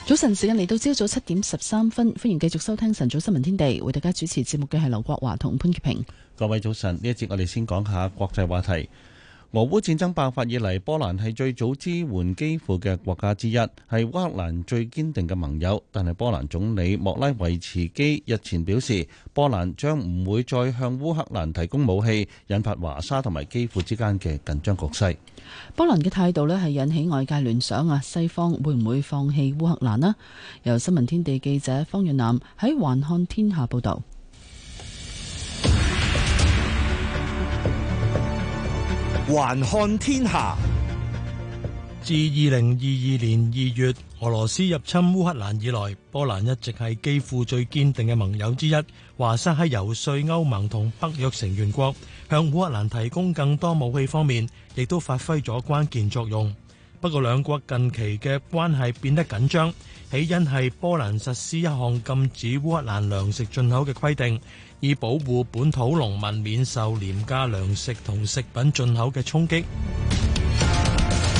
早晨，時間嚟到朝早七點十三分，歡迎繼續收聽晨早新聞天地，為大家主持節目嘅係劉國華同潘潔平。各位早晨，呢一節我哋先講下國際話題。俄烏戰爭爆發以嚟，波蘭係最早支援基輔嘅國家之一，係烏克蘭最堅定嘅盟友。但係波蘭總理莫拉維茨基日前表示，波蘭將唔會再向烏克蘭提供武器，引發華沙同埋基輔之間嘅緊張局勢。波蘭嘅態度咧，係引起外界聯想啊，西方會唔會放棄烏克蘭呢？由新聞天地記者方潤南喺環看天下報道。還看天下。自二零二二年二月俄羅斯入侵烏克蘭以來，波蘭一直係幾乎最堅定嘅盟友之一。華沙喺游說歐盟同北約成員國向烏克蘭提供更多武器方面，亦都發揮咗關鍵作用。不過，兩國近期嘅關係變得緊張，起因係波蘭實施一項禁止烏克蘭糧食進口嘅規定。以保護本土農民免受廉價糧食同食品進口嘅衝擊。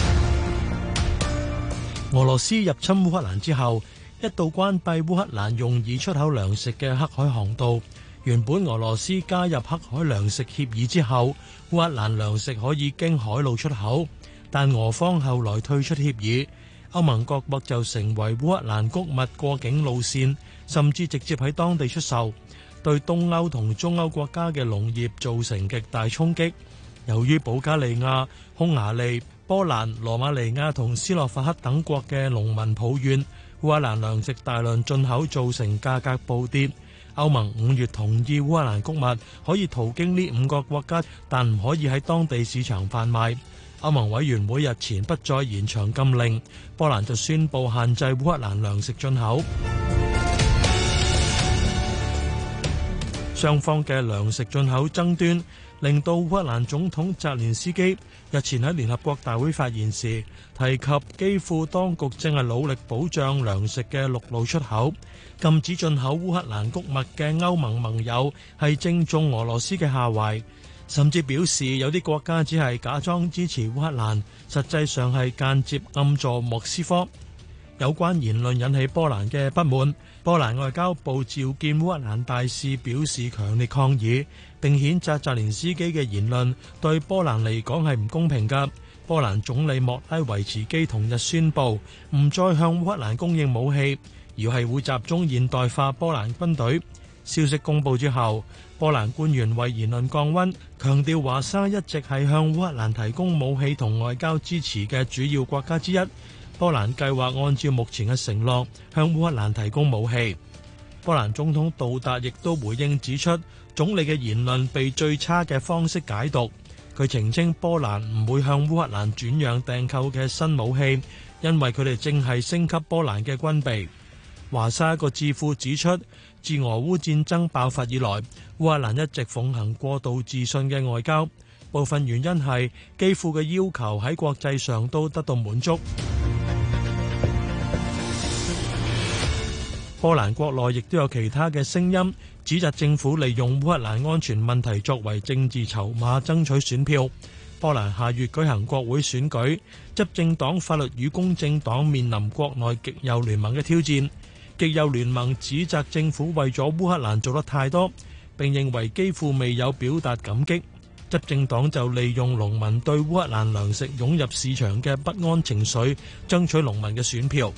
*noise* 俄羅斯入侵烏克蘭之後，一度關閉烏克蘭用以出口糧食嘅黑海航道。原本俄羅斯加入黑海糧食協議之後，烏克蘭糧食可以經海路出口，但俄方後來退出協議，歐盟各國就成為烏克蘭谷物過境路線，甚至直接喺當地出售。對東歐同中歐國家嘅農業造成極大衝擊。由於保加利亞、匈牙利、波蘭、羅馬尼亞同斯洛伐克等國嘅農民抱怨，烏克蘭糧食大量進口造成價格暴跌。歐盟五月同意烏克蘭谷物可以途經呢五個國家，但唔可以喺當地市場販賣。歐盟委員會日前不再延長禁令，波蘭就宣佈限制烏克蘭糧食進口。雙方嘅糧食進口爭端，令到烏克蘭總統澤連斯基日前喺聯合國大會發言時，提及基輔當局正係努力保障糧食嘅陸路出口，禁止進口烏克蘭穀物嘅歐盟盟友係正中俄羅斯嘅下懷，甚至表示有啲國家只係假裝支持烏克蘭，實際上係間接暗助莫斯科。有關言論引起波蘭嘅不滿。波蘭外交部召見烏克蘭大使，表示強烈抗議，並譴責澤連斯基嘅言論對波蘭嚟講，係唔公平噶。波蘭總理莫拉維茨基同日宣布，唔再向烏克蘭供應武器，而係會集中現代化波蘭軍隊。消息公布之後，波蘭官員為言論降溫，強調華沙一直係向烏克蘭提供武器同外交支持嘅主要國家之一。波蘭計劃按照目前嘅承諾，向烏克蘭提供武器。波蘭總統杜達亦都回應指出，總理嘅言論被最差嘅方式解讀。佢澄清波蘭唔會向烏克蘭轉讓訂購嘅新武器，因為佢哋正係升級波蘭嘅軍備。華沙一個智庫指出，自俄烏戰爭爆發以來，烏克蘭一直奉行過度自信嘅外交，部分原因係基輔嘅要求喺國際上都得到滿足。波蘭國內亦都有其他嘅聲音，指責政府利用烏克蘭安全問題作為政治籌碼爭取選票。波蘭下月舉行國會選舉，執政黨法律與公正黨面臨國內極右聯盟嘅挑戰。極右聯盟指責政府為咗烏克蘭做得太多，並認為幾乎未有表達感激。執政黨就利用農民對烏克蘭糧食湧入市場嘅不安情緒，爭取農民嘅選票。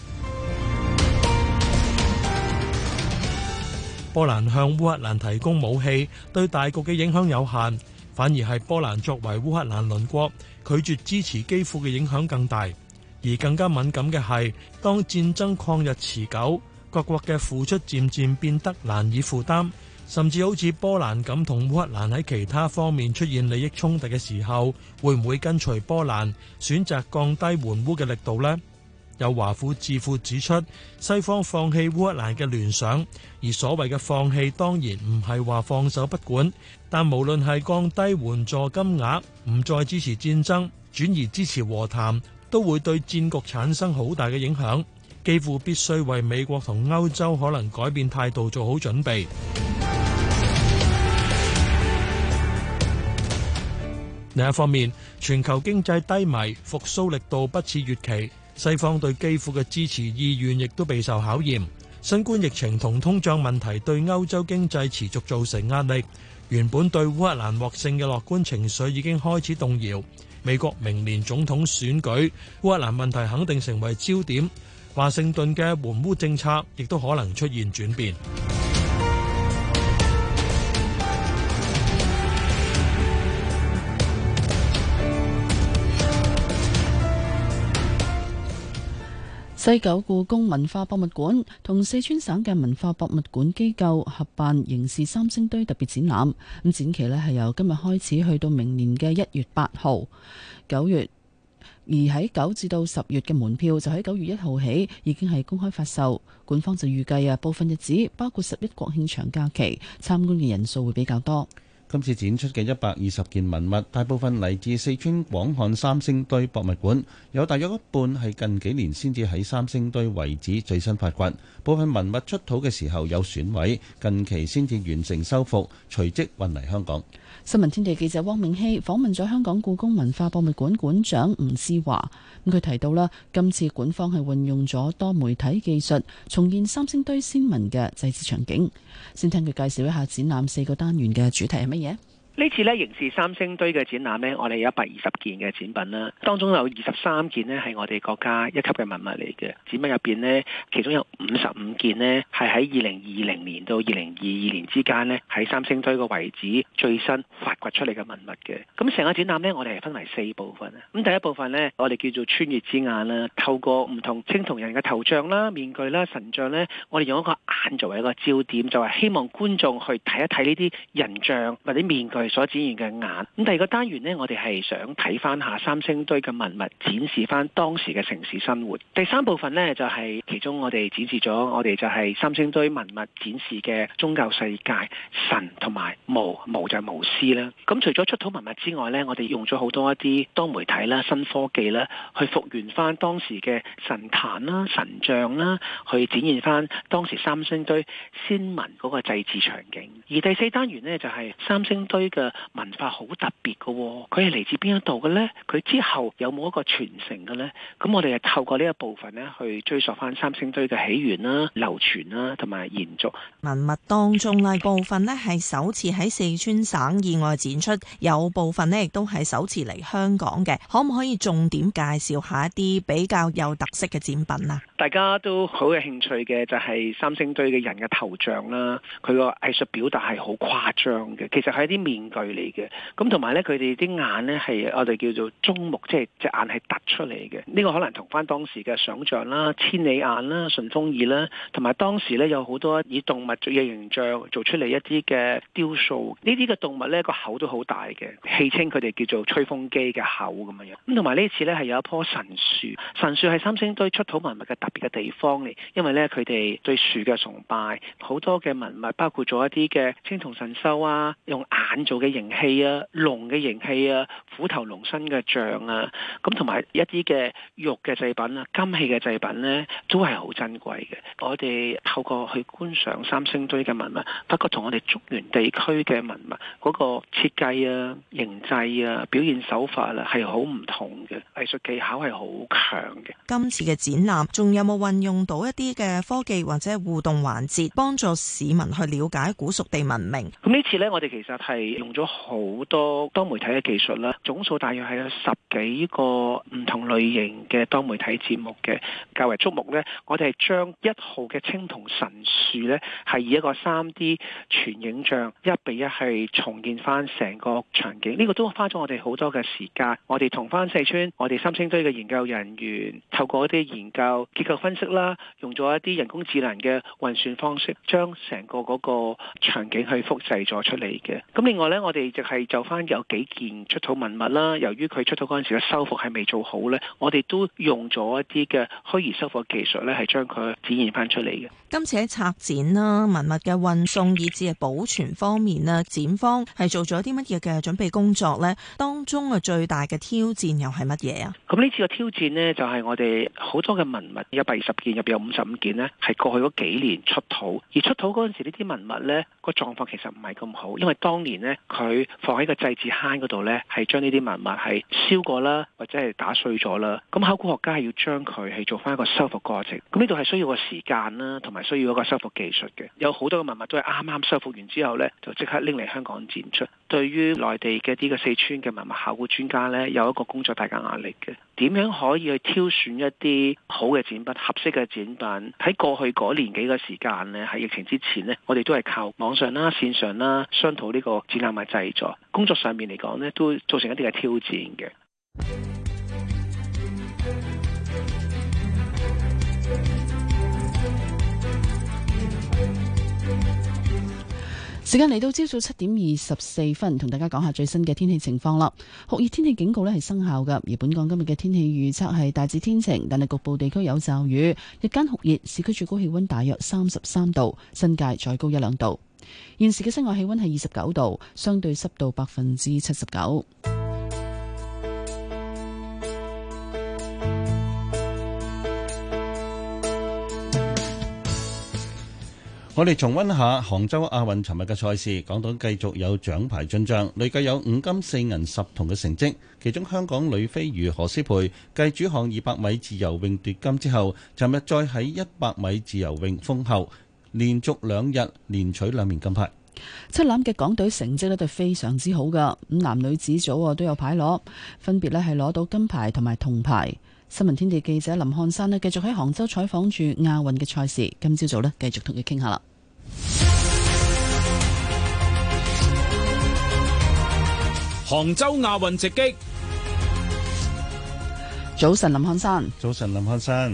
波蘭向烏克蘭提供武器，對大局嘅影響有限，反而係波蘭作為烏克蘭鄰國拒絕支持基輔嘅影響更大。而更加敏感嘅係，當戰爭曠日持久，各國嘅付出漸漸變得難以負擔，甚至好似波蘭咁同烏克蘭喺其他方面出現利益衝突嘅時候，會唔會跟隨波蘭選擇降低援烏嘅力度咧？有華府智庫指出，西方放棄烏克蘭嘅聯想，而所謂嘅放棄當然唔係話放手不管，但無論係降低援助金額、唔再支持戰爭、轉而支持和談，都會對戰局產生好大嘅影響，幾乎必須為美國同歐洲可能改變態度做好準備。 *music* 另一方面，全球經濟低迷，復甦力度不似預期。西方對基輔嘅支持意願亦都備受考驗，新冠疫情同通脹問題對歐洲經濟持續造成壓力。原本對烏克蘭獲勝嘅樂觀情緒已經開始動搖。美國明年總統選舉，烏克蘭問題肯定成為焦點，華盛頓嘅援烏政策亦都可能出現轉變。西九故宮文化博物館同四川省嘅文化博物館機構合辦《凝視三星堆》特別展覽，咁展期咧係由今日開始去到明年嘅一月八號九月，而喺九至到十月嘅門票就喺九月一號起已經係公開發售。館方就預計啊，部分日子包括十一國慶長假期，參觀嘅人數會比較多。今次展出嘅一百二十件文物，大部分嚟自四川廣漢三星堆博物館，有大約一半係近幾年先至喺三星堆遺址最新發掘，部分文物出土嘅時候有損毀，近期先至完成修復，隨即運嚟香港。新聞天地記者汪明希訪問咗香港故宮文化博物館館長吳志華，咁佢提到啦，今次館方係運用咗多媒體技術重現三星堆先民嘅祭祀場景。先聽佢介紹一下展覽四個單元嘅主題係乜嘢。呢次咧凝視三星堆嘅展覽咧，我哋有一百二十件嘅展品啦，當中有二十三件咧係我哋國家一級嘅文物嚟嘅。展品入邊咧，其中有五十五件咧係喺二零二零年到二零二二年之間咧喺三星堆個遺址最新發掘出嚟嘅文物嘅。咁成個展覽咧，我哋係分為四部分啊。咁第一部分咧，我哋叫做穿越之眼啦，透過唔同青銅人嘅頭像啦、面具啦、神像咧，我哋用一個眼作為一個焦點，就係希望觀眾去睇一睇呢啲人像或者面具。所展現嘅眼。咁第二個單元呢，我哋係想睇翻下三星堆嘅文物，展示翻當時嘅城市生活。第三部分呢，就係其中我哋展示咗我哋就係三星堆文物展示嘅宗教世界，神同埋巫，巫就係巫師啦。咁除咗出土文物之外呢，我哋用咗好多一啲多媒體啦、新科技啦，去復原翻當時嘅神壇啦、神像啦，去展現翻當時三星堆先民嗰個祭祀場景。而第四單元呢，就係三星堆。嘅文化好特別嘅。哦，佢係嚟自邊一度嘅咧？佢之後有冇一個傳承嘅咧？咁我哋就透過呢一部分咧，去追溯翻三星堆嘅起源啦、流傳啦同埋延續文物當中啦，部分咧係首次喺四川省以外展出，有部分咧亦都係首次嚟香港嘅。可唔可以重點介紹下一啲比較有特色嘅展品啊？大家都好有興趣嘅就係三星堆嘅人嘅頭像啦，佢個藝術表達係好誇張嘅，其實係一啲面證據嘅，咁同埋咧，佢哋啲眼咧係我哋叫做中目，即係隻眼係突出嚟嘅。呢個可能同翻當時嘅想象啦、千里眼啦、順風耳啦，同埋當時咧有好多以動物嘅形象做出嚟一啲嘅雕塑。呢啲嘅動物咧個口都好大嘅，戲稱佢哋叫做吹風機嘅口咁樣。咁同埋呢次咧係有一棵神樹，神樹係三星堆出土文物嘅特別嘅地方嚟，因為咧佢哋對樹嘅崇拜，好多嘅文物包括咗一啲嘅青銅神獸啊，用眼。做嘅形器啊，龍嘅形器啊，虎頭龍身嘅像啊，咁同埋一啲嘅玉嘅製品啊，金器嘅製品咧，都係好珍貴嘅。我哋透過去觀賞三星堆嘅文物，不過同我哋中原地區嘅文物嗰個設計啊、形制啊、表現手法啊，係好唔同嘅，藝術技巧係好強嘅。今次嘅展覽仲有冇運用到一啲嘅科技或者互動環節，幫助市民去了解古蜀地文明？咁呢次咧，我哋其實係。用咗好多多媒體嘅技術啦，總數大約係有十幾個唔同類型嘅多媒體節目嘅，較為矚目咧。我哋係將一號嘅青銅神樹咧，係以一個三 D 全影像一比一係重建翻成個場景。呢個都花咗我哋好多嘅時間，我哋同翻四川我哋三星堆嘅研究人員透過一啲研究結構分析啦，用咗一啲人工智能嘅運算方式，將成個嗰個場景去複製咗出嚟嘅。咁另外，我哋就係就翻有幾件出土文物啦。由於佢出土嗰陣時嘅修復係未做好呢，我哋都用咗一啲嘅虛擬修復技術呢，係將佢展現翻出嚟嘅。今次喺策展啦、文物嘅運送以至係保存方面呢，展方係做咗啲乜嘢嘅準備工作呢？當中嘅最大嘅挑戰又係乜嘢啊？咁呢次嘅挑戰呢，就係我哋好多嘅文物一百二十件，入邊有五十五件呢，係過去嗰幾年出土，而出土嗰陣時呢啲文物呢，個狀況其實唔係咁好，因為當年呢，佢放喺個祭祀坑嗰度呢，係將呢啲文物係燒過啦，或者係打碎咗啦。咁考古學家係要將佢係做翻一個修復過程。咁呢度係需要個時間啦，同埋需要一個修復技術嘅。有好多嘅文物都係啱啱修復完之後呢，就即刻拎嚟香港展出。對於內地嘅啲個四川嘅文物考古專家呢，有一個工作大嘅壓力嘅。點樣可以去挑選一啲好嘅展品、合適嘅展品？喺過去嗰年幾個時間咧，喺疫情之前咧，我哋都係靠網上啦、線上啦商討呢個展覽嘅製作。工作上面嚟講咧，都造成一啲嘅挑戰嘅。時間嚟到朝早七點二十四分，同大家講下最新嘅天氣情況啦。酷熱天氣警告呢係生效㗎，而本港今日嘅天氣預測係大致天晴，但係局部地區有驟雨。日間酷熱，市區最高氣溫大約三十三度，新界再高一兩度。現時嘅室外氣溫係二十九度，相對濕度百分之七十九。我哋重溫下杭州亞運尋日嘅賽事，港隊繼續有獎牌進賬，累計有五金四銀十銅嘅成績。其中香港女飛魚何詩蓓繼主項二百米自由泳奪金之後，尋日再喺一百米自由泳封後，連續兩日連取兩面金牌。七攬嘅港隊成績呢就非常之好㗎，五男女子組都有牌攞，分別呢係攞到金牌同埋銅牌。新聞天地記者林漢山咧，繼續喺杭州採訪住亞運嘅賽事。今朝早咧，繼續同佢傾下啦。杭州亞運直擊。早晨，林漢山。早晨，林漢山。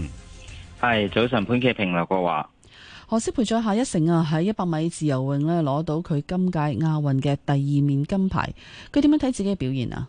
係，早晨潘其平劉國華。何詩蓓再下一城啊！喺一百米自由泳咧，攞到佢今屆亞運嘅第二面金牌。佢點樣睇自己嘅表現啊？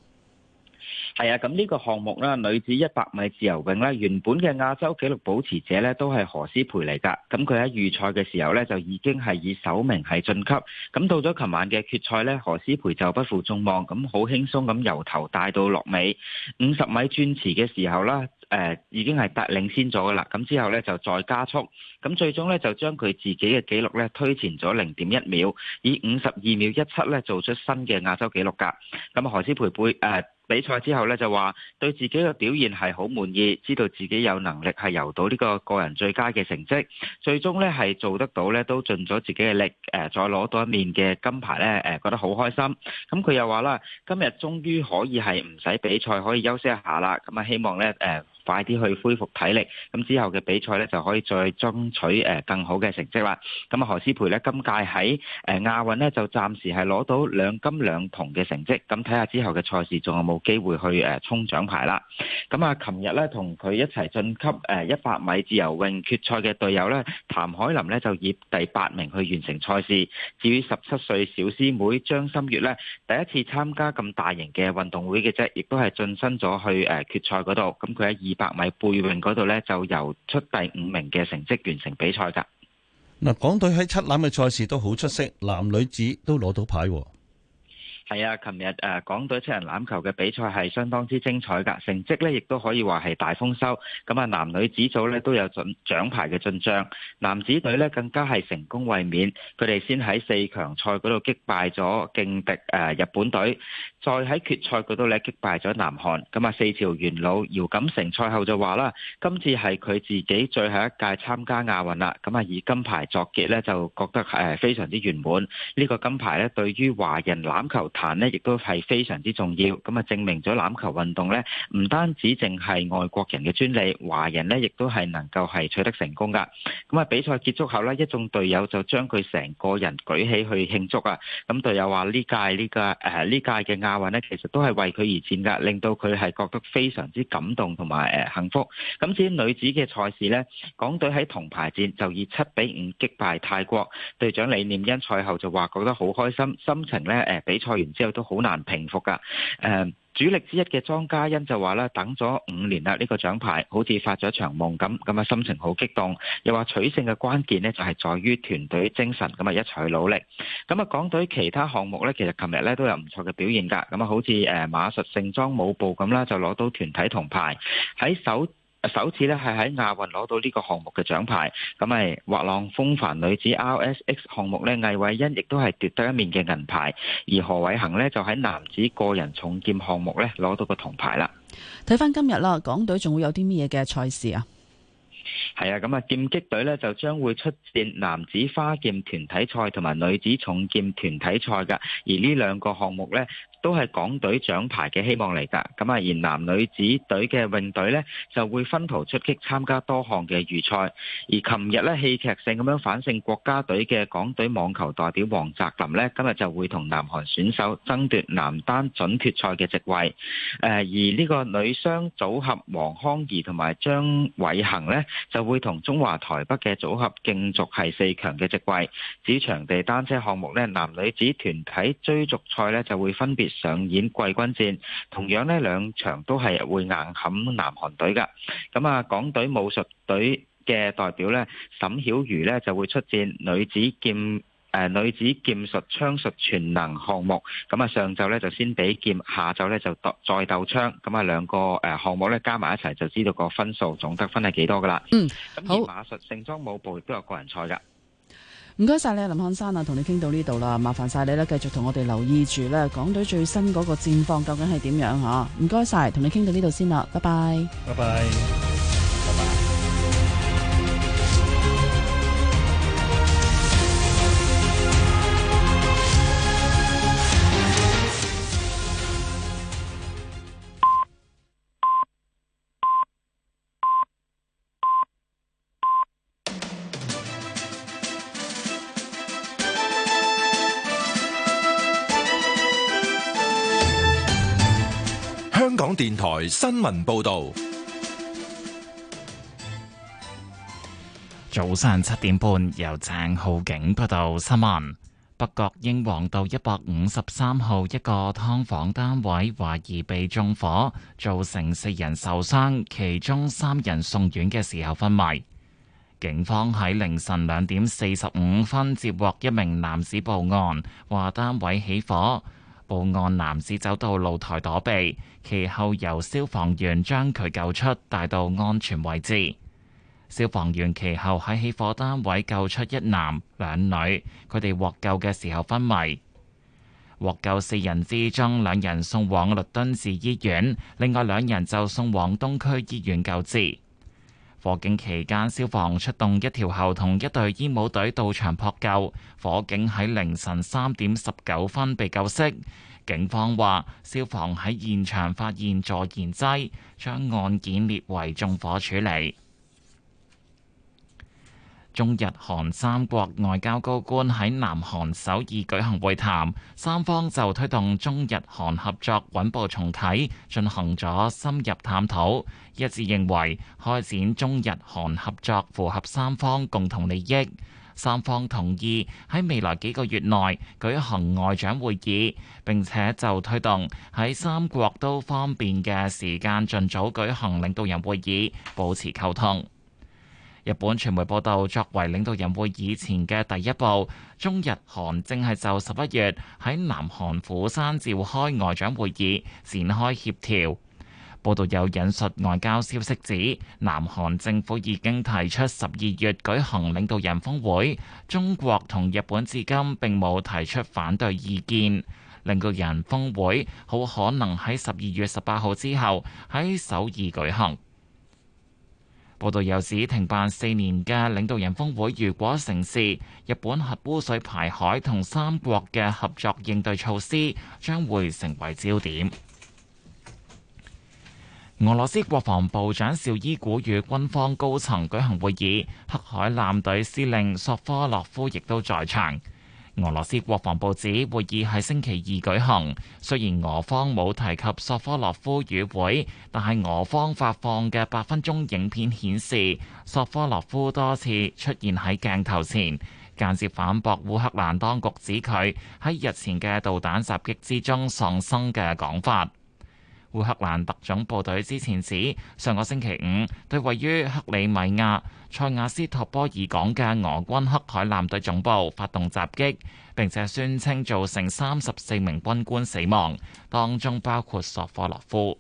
係啊，咁呢個項目啦，女子一百米自由泳呢，原本嘅亞洲紀錄保持者呢，都係何詩蓓嚟噶。咁佢喺預賽嘅時候呢，就已經係以首名係晉級。咁到咗琴晚嘅決賽呢，何詩蓓就不負眾望，咁好輕鬆咁由頭帶到落尾。五十米轉池嘅時候啦，誒、呃，已經係達領先咗噶啦。咁之後呢，就再加速，咁最終呢，就將佢自己嘅紀錄呢，推前咗零點一秒，以五十二秒一七呢，做出新嘅亞洲紀錄噶。咁何詩蓓背誒。呃比賽之後咧，就話對自己嘅表現係好滿意，知道自己有能力係游到呢個個人最佳嘅成績，最終咧係做得到咧，都盡咗自己嘅力，誒、呃、再攞到一面嘅金牌咧誒、呃、覺得好開心。咁佢又話啦，今日終於可以係唔使比賽可以休息一下啦，咁啊希望咧誒。呃快啲去恢復體力，咁之後嘅比賽呢，就可以再爭取誒更好嘅成績啦。咁啊何詩蓓呢，今屆喺誒亞運呢，就暫時係攞到兩金兩銅嘅成績，咁睇下之後嘅賽事仲有冇機會去誒衝獎牌啦。咁啊，琴日呢，同佢一齊晉級誒一百米自由泳決賽嘅隊友呢，譚凱琳呢，就以第八名去完成賽事。至於十七歲小師妹張心月呢，第一次參加咁大型嘅運動會嘅啫，亦都係晉身咗去誒決賽嗰度。咁佢喺二百米背泳嗰度咧，就游出第五名嘅成績完成比賽噶。嗱，港隊喺七欖嘅賽事都好出色，男女子都攞到牌，哦。係啊，琴日誒港隊七人欖球嘅比賽係相當之精彩噶，成績咧亦都可以話係大豐收。咁啊，男女子組咧都有獎獎牌嘅進賬，男子隊咧更加係成功衛冕，佢哋先喺四強賽嗰度擊敗咗勁敵誒日本隊。再喺決賽嗰度咧擊敗咗南韓，咁啊四朝元老姚錦成賽後就話啦：今次係佢自己最後一屆參加亞運啦，咁啊以金牌作結咧，就覺得誒非常之圓滿。呢個金牌咧對於華人欖球壇咧，亦都係非常之重要。咁啊證明咗欖球運動咧唔單止淨係外國人嘅專利，華人咧亦都係能夠係取得成功噶。咁啊比賽結束後咧，一眾隊友就將佢成個人舉起去慶祝啊！咁隊友話呢屆呢屆誒呢屆嘅亞亞運呢，其實都係為佢而戰噶，令到佢係覺得非常之感動同埋誒幸福。咁至於女子嘅賽事呢，港隊喺銅牌戰就以七比五擊敗泰國隊，隊長李念恩賽後就話覺得好開心，心情呢誒、呃、比賽完之後都好難平復噶誒。呃主力之一嘅莊嘉欣就話咧，等咗五年啦，呢個獎牌好似發咗場夢咁，咁啊心情好激動，又話取勝嘅關鍵呢就係在於團隊精神，咁啊一齊去努力。咁啊，港隊其他項目呢，其實琴日呢都有唔錯嘅表現噶，咁啊好似誒馬術盛裝舞步咁啦，就攞到團體銅牌喺手。首次咧係喺亞運攞到呢個項目嘅獎牌，咁係滑浪風帆女子 RSX 項目咧，魏偉欣亦都係奪得一面嘅銀牌，而何偉恒咧就喺男子個人重劍項目咧攞到個銅牌啦。睇翻今日啦，港隊仲會有啲乜嘢嘅賽事啊？係啊，咁啊，劍擊隊呢就將會出戰男子花劍團體賽同埋女子重劍團體賽噶，而呢兩個項目呢，都係港隊獎牌嘅希望嚟噶。咁啊，而男女子隊嘅泳隊呢，就會分途出擊，參加多項嘅預賽。而琴日呢，戲劇性咁樣反勝國家隊嘅港隊網球代表王澤林呢，今日就會同南韓選手爭奪男單準決賽嘅席位。誒，而呢個女雙組合王康儀同埋張偉恒呢。就會同中華台北嘅組合競逐係四強嘅席位。至於場地單車項目呢，男女子團體追逐賽呢，就會分別上演季軍戰，同樣呢兩場都係會硬撼南韓隊嘅。咁、嗯、啊，港隊武術隊嘅代表呢，沈曉瑜呢就會出戰女子劍。誒、呃，女子劍術、槍術全能項目，咁、嗯、啊，嗯、上晝咧就先比劍，下晝咧就再鬥槍，咁、嗯、啊，兩、嗯、個誒項目咧加埋一齊，就知道個分數總得分係幾多噶啦。嗯，咁而馬術、盛裝舞步亦都有個人賽噶。唔該晒你，林漢山啊，同你傾到呢度啦，麻煩晒你啦，繼續同我哋留意住啦，港隊最新嗰個戰況究竟係點樣啊？唔該晒，同你傾到呢度先啦，拜拜，拜拜。台新聞報道，早上七點半，由鄭浩景報道新聞。北角英皇道一百五十三號一個㓥房單位懷疑被縱火，造成四人受傷，其中三人送院嘅時候昏迷。警方喺凌晨兩點四十五分接獲一名男子報案，話單位起火。報案男子走到露台躲避，其後由消防員將佢救出，帶到安全位置。消防員其後喺起火單位救出一男兩女，佢哋獲救嘅時候昏迷。獲救四人之中，兩人送往律敦治醫院，另外兩人就送往東區醫院救治。火警期間，消防出動一條喉同一隊煙霧隊到場撲救。火警喺凌晨三點十九分被救熄。警方話，消防喺現場發現助燃劑，將案件列為縱火處理。中日韓三國外交高官喺南韓首爾舉行會談，三方就推動中日韓合作穩步重啟進行咗深入探討，一致認為開展中日韓合作符合三方共同利益。三方同意喺未來幾個月內舉行外長會議，並且就推動喺三國都方便嘅時間，盡早舉行領導人會議，保持溝通。日本傳媒報道，作為領導人會議前嘅第一步，中日韓正係就十一月喺南韓釜山召開外長會議，展開協調。報道有引述外交消息指，南韓政府已經提出十二月舉行領導人峰會，中國同日本至今並冇提出反對意見。領導人峰會好可能喺十二月十八號之後喺首爾舉行。報道又指，停辦四年嘅領導人峰會如果成事，日本核污水排海同三國嘅合作應對措施將會成為焦點。俄羅斯國防部長紹伊古與軍方高層舉行會議，黑海艦隊司令索科洛夫亦都在場。俄羅斯國防部指會議喺星期二舉行，雖然俄方冇提及索科洛夫與會，但係俄方發放嘅八分鐘影片顯示，索科洛夫多次出現喺鏡頭前，間接反駁烏克蘭當局指佢喺日前嘅導彈襲擊之中喪生嘅講法。烏克蘭特種部隊之前指，上個星期五對位於克里米亞塞瓦斯托波爾港嘅俄軍黑海艦隊總部發動襲擊，並且宣稱造成三十四名軍官死亡，當中包括索科洛夫。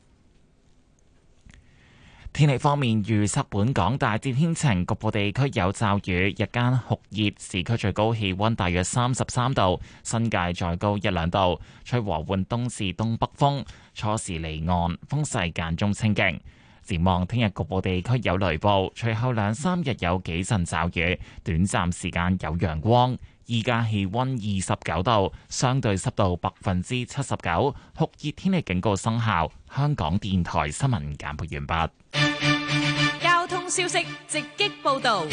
天氣方面，預測本港大致天晴，局部地區有驟雨。日間酷熱，市區最高氣溫大約三十三度，新界再高一兩度。吹和緩東至東北風，初時離岸，風勢間中清勁。展望聽日局部地區有雷暴，隨後兩三日有幾陣驟雨，短暫時間有陽光。而家氣溫二十九度，相對濕度百分之七十九，酷熱天氣警告生效。香港電台新聞簡報完畢。交通消息直擊報道。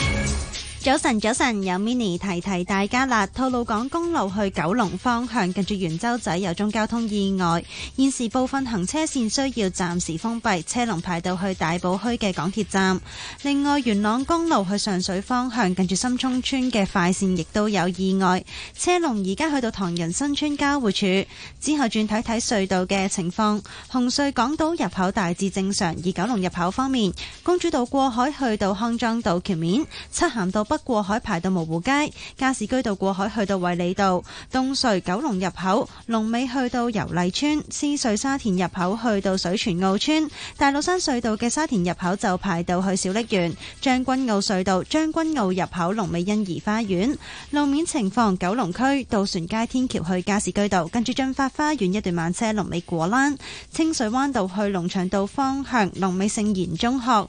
早晨，早晨，有 Mini 提提大家啦。吐露港公路去九龍方向，近住元洲仔有宗交通意外，現時部分行車線需要暫時封閉，車龍排到去大埔墟嘅港鐵站。另外，元朗公路去上水方向，近住深涌村嘅快線亦都有意外，車龍而家去到唐人新村交匯處之後，轉睇睇隧道嘅情況。紅隧港島入口大致正常，而九龍入口方面，公主道過海去到康莊道橋面，漆咸道。北過海排到蕪湖街，加士居道過海去到衛理道；東隧九龍入口，龍尾去到油麗邨；獅隧沙田入口去到水泉澳村；大老山隧道嘅沙田入口就排到去小瀝源；將軍澳隧道將軍澳入口龍尾欣怡花園。路面情況：九龍區渡船街天橋去加士居道，跟住駿發花園一段慢車龍尾果欄；清水灣道去龍翔道方向龍尾聖賢中學。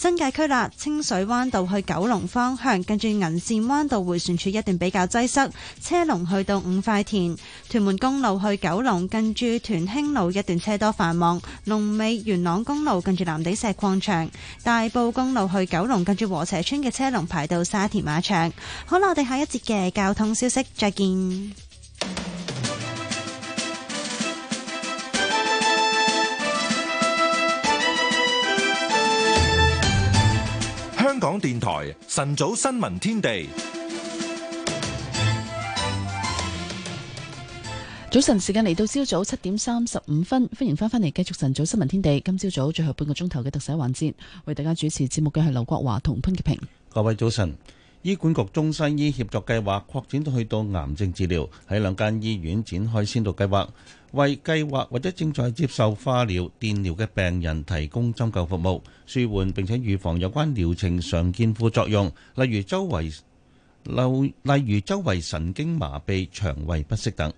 新界區啦，清水灣道去九龍方向，近住銀線灣道迴旋處一段比較擠塞，車龍去到五塊田。屯門公路去九龍，近住屯興路一段車多繁忙。龍尾元朗公路近住藍地石礦場，大埔公路去九龍，近住禾輋村嘅車龍排到沙田馬場。好啦，我哋下一節嘅交通消息，再見。電台晨早新聞天地，早晨時間嚟到朝早七點三十五分，歡迎翻返嚟，繼續晨早新聞天地。今朝早最後半個鐘頭嘅特寫環節，為大家主持節目嘅係劉國華同潘潔平。各位早晨。醫管局中西醫協作計劃擴展到去到癌症治療，喺兩間醫院展開先導計劃，為計劃或者正在接受化療、電療嘅病人提供針灸服務，舒緩並且預防有關療程常見副作用，例如周圍、例如周圍神經麻痹、腸胃不適等。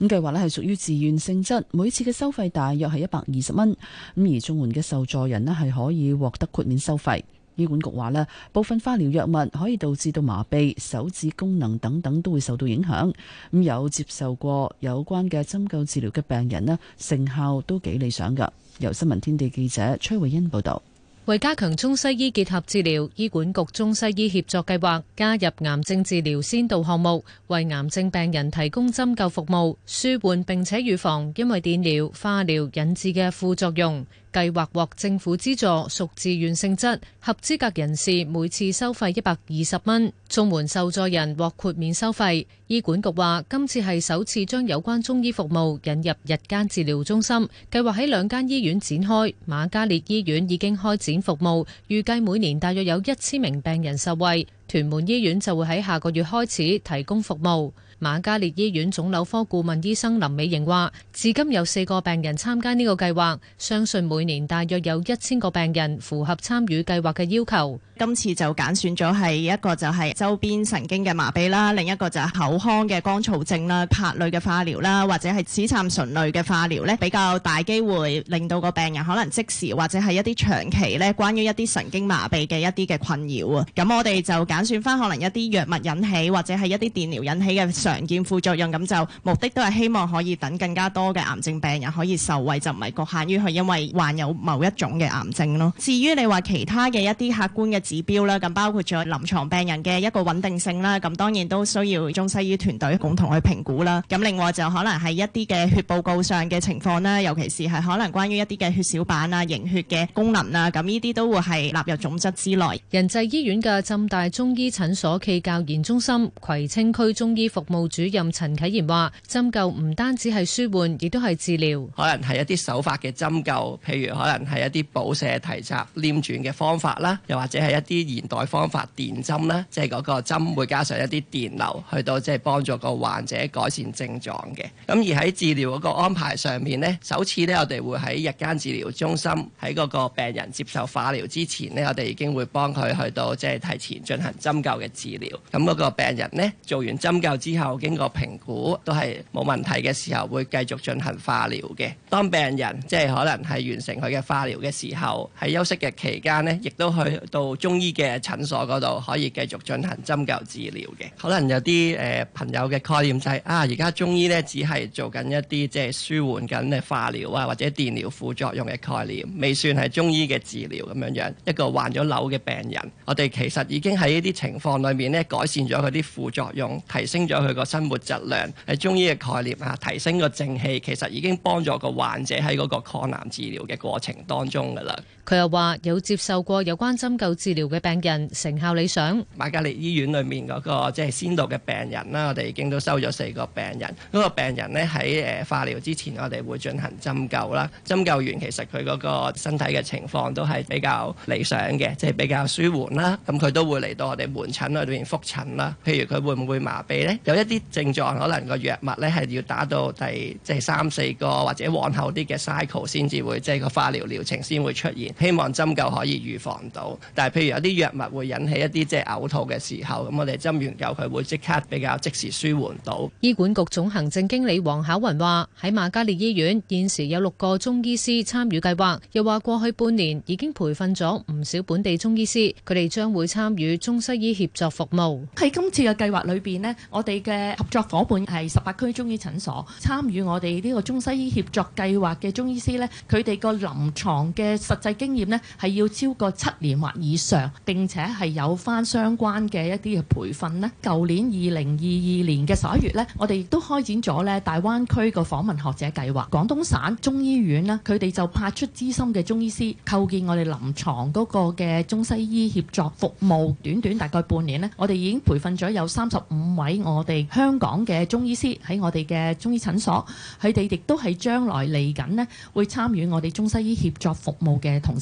咁計劃咧係屬於自願性質，每次嘅收費大約係一百二十蚊，咁而綜援嘅受助人咧係可以獲得豁免收費。醫管局話咧，部分化療藥物可以導致到麻痹、手指功能等等都會受到影響。咁有接受過有關嘅針灸治療嘅病人咧，成效都幾理想㗎。由新聞天地記者崔慧欣報導。為加強中西醫結合治療，醫管局中西醫協作計劃加入癌症治療先導項目，為癌症病人提供針灸服務，舒緩並且預防因為電療、化療引致嘅副作用。計劃獲政府資助屬自願性質，合資格人士每次收費一百二十蚊，綜援受助人獲豁免收費。醫管局話，今次係首次將有關中醫服務引入日間治療中心，計劃喺兩間醫院展開。瑪嘉烈醫院已經開展服務，預計每年大約有一千名病人受惠。屯門醫院就會喺下個月開始提供服務。瑪嘉烈醫院腫瘤科顧問醫生林美瑩話，至今有四個病人參加呢個計劃，相信每年大約有一千個病人符合參與計劃嘅要求。今次就揀選咗係一個就係周邊神經嘅麻痹啦，另一個就係口腔嘅乾燥症啦、拍類嘅化療啦，或者係紫杉醇類嘅化療呢，比較大機會令到個病人可能即時或者係一啲長期咧，關於一啲神經麻痹嘅一啲嘅困擾啊。咁我哋就揀選返可能一啲藥物引起或者係一啲電療引起嘅。常見副作用，咁就目的都係希望可以等更加多嘅癌症病人可以受惠，就唔係局限於係因為患有某一種嘅癌症咯。至於你話其他嘅一啲客觀嘅指標啦，咁包括咗臨床病人嘅一個穩定性啦，咁當然都需要中西醫團隊共同去評估啦。咁另外就可能係一啲嘅血報告上嘅情況啦，尤其是係可能關於一啲嘅血小板啊、凝血嘅功能啊，咁呢啲都會係納入總則之內。仁濟醫院嘅浸大中醫診所暨教研中心葵青區中醫服務。副主任陳啟賢話：針灸唔單止係舒緩，亦都係治療。可能係一啲手法嘅針灸，譬如可能係一啲補瀉提插、捻轉嘅方法啦，又或者係一啲現代方法，電針啦，即係嗰個針會加上一啲電流，去到即係幫助個患者，改善症狀嘅。咁而喺治療嗰個安排上面呢，首次呢，我哋會喺日間治療中心，喺嗰個病人接受化療之前呢，我哋已經會幫佢去到即係提前進行針灸嘅治療。咁嗰個病人呢，做完針灸之後，我經過評估都係冇問題嘅時候，會繼續進行化療嘅。當病人即係可能係完成佢嘅化療嘅時候，喺休息嘅期間呢，亦都去到中醫嘅診所嗰度，可以繼續進行針灸治療嘅。可能有啲誒、呃、朋友嘅概念就係、是、啊，而家中醫呢，只係做緊一啲即係舒緩緊嘅化療啊或者電療副作用嘅概念，未算係中醫嘅治療咁樣樣。一個患咗瘤嘅病人，我哋其實已經喺呢啲情況裏面咧改善咗佢啲副作用，提升咗佢。個生活質量喺中醫嘅概念啊，提升個正氣，其實已經幫助個患者喺嗰個抗癌治療嘅過程當中㗎喇。佢又話有接受過有關針灸治療嘅病人，成效理想。瑪嘉烈醫院裏面嗰個即係先導嘅病人啦，我哋已經都收咗四個病人。嗰、那個病人咧喺誒化療之前，我哋會進行針灸啦。針灸完，其實佢嗰個身體嘅情況都係比較理想嘅，即、就、係、是、比較舒緩啦。咁佢都會嚟到我哋門診裏面覆診啦。譬如佢會唔會麻痺咧？有一啲症狀，可能個藥物咧係要打到第即係三、四個或者往後啲嘅 cycle 先至會，即係個化療療程先會出現。希望針灸可以預防到，但係譬如有啲藥物會引起一啲即係嘔吐嘅時候，咁我哋針完灸佢會即刻比較即時舒緩到。醫管局總行政經理黃巧雲話：喺瑪嘉烈醫院現時有六個中醫師參與計劃，又話過去半年已經培訓咗唔少本地中醫師，佢哋將會參與中西醫協作服務。喺今次嘅計劃裏邊呢，我哋嘅合作伙伴係十八區中醫診所，參與我哋呢個中西醫協作計劃嘅中醫師呢，佢哋個臨床嘅實際經。經驗咧係要超過七年或以上，並且係有返相關嘅一啲嘅培訓咧。舊年二零二二年嘅十一月咧，我哋亦都開展咗咧大灣區個訪問學者計劃。廣東省中醫院咧，佢哋就派出資深嘅中醫師，構建我哋臨床嗰個嘅中西醫協作服務。短短大概半年咧，我哋已經培訓咗有三十五位我哋香港嘅中醫師喺我哋嘅中醫診所，佢哋亦都係將來嚟緊咧會參與我哋中西醫協作服務嘅同。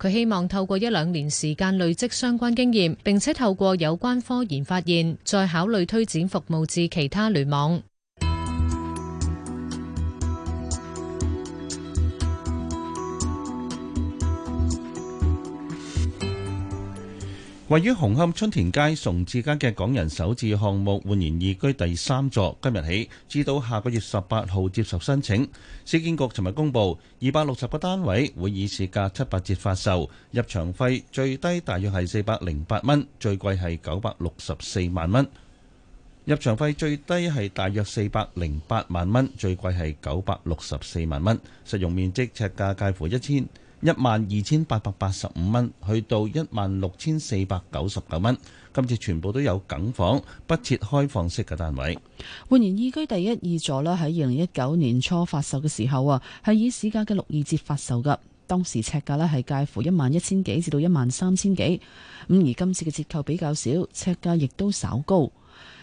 佢希望透過一兩年時間累積相關經驗，並且透過有關科研發現，再考慮推展服務至其他聯網。位於紅磡春田街崇志街嘅港人首置項目煥然懿居第三座，今日起至到下個月十八號接受申請。市建局尋日公布，二百六十個單位會以市價七八折發售，入場費最低大約係四百零八蚊，最貴係九百六十四萬蚊。入場費最低係大約四百零八萬蚊，最貴係九百六十四萬蚊，實用面積尺價介乎一千。一萬二千八百八十五蚊，去到一萬六千四百九十九蚊，今次全部都有梗房，不設開放式嘅單位。煥然懿居第一、二座呢喺二零一九年初發售嘅時候啊，係以市價嘅六二折發售嘅，當時尺價呢係介乎一萬一千幾至到一萬三千幾。咁而今次嘅折扣比較少，尺價亦都稍高。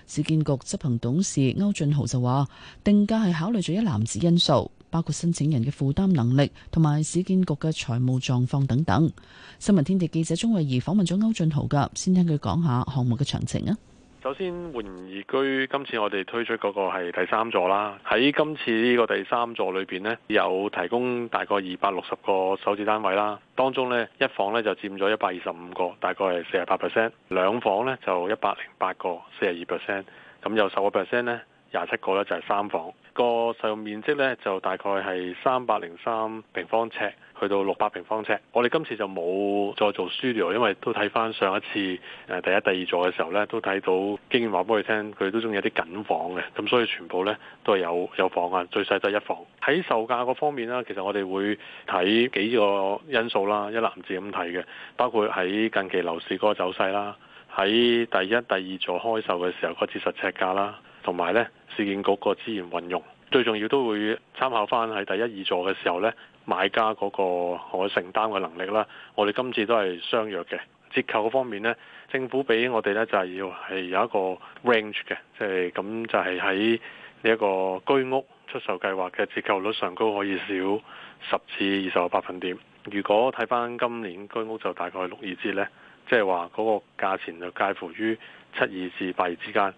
市建局執行董事歐俊豪就話：定價係考慮咗一籃子因素。包括申請人嘅負擔能力同埋市建局嘅財務狀況等等。新聞天地記者鍾慧儀訪問咗歐俊豪噶，先聽佢講下項目嘅詳情啊。首先，煥然懿居今次我哋推出嗰個係第三座啦。喺今次呢個第三座裏邊呢，有提供大概二百六十個首置單位啦。當中呢，一房呢就佔咗一百二十五個，大概係四十八 percent。兩房呢就一百零八個，四十二 percent。咁有十個 percent 呢。廿七個咧就係三房，個使用面積咧就大概係三百零三平方尺，去到六百平方尺。我哋今次就冇再做 studio，因為都睇翻上一次誒第一、第二座嘅時候咧，都睇到經驗話俾我哋聽，佢都中意有啲緊房嘅，咁所以全部咧都係有有房啊，最細都係一房。喺售價個方面啦，其實我哋會睇幾個因素啦，一籃子咁睇嘅，包括喺近期樓市個走勢啦，喺第一、第二座開售嘅時候個折實尺價啦，同埋咧。事件局個資源運用最重要，都會參考翻喺第一二座嘅時候呢，買家嗰個可承擔嘅能力啦。我哋今次都係相約嘅折扣嘅方面呢，政府俾我哋呢就係要係有一個 range 嘅，即係咁就係喺呢一個居屋出售計劃嘅折扣率上高可以少十至二十個百分點。如果睇翻今年居屋就大概六二折呢，即係話嗰個價錢就介乎於七二至八二之間。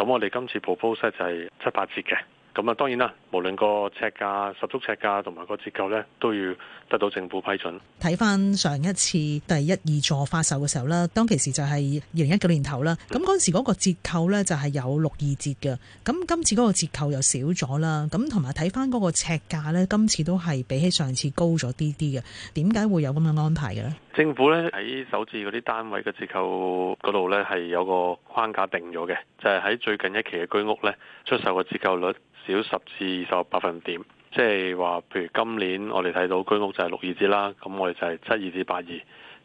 咁我哋今次 proposal 就係七八折嘅，咁啊當然啦，無論個尺價、十足尺價同埋個折扣呢，都要得到政府批准。睇翻上一次第一二座發售嘅時候啦，當其時就係二零一九年頭啦，咁嗰時嗰個折扣呢，就係有六二折嘅，咁今次嗰個折扣又少咗啦，咁同埋睇翻嗰個尺價呢，今次都係比起上次高咗啲啲嘅，點解會有咁樣安排嘅呢？政府咧，喺首置嗰啲單位嘅折扣嗰度咧，係有個框架定咗嘅，就係喺最近一期嘅居屋咧出售嘅折扣率少十至二十個百分點，即係話譬如今年我哋睇到居屋就係六二折啦，咁我哋就係七二至八二，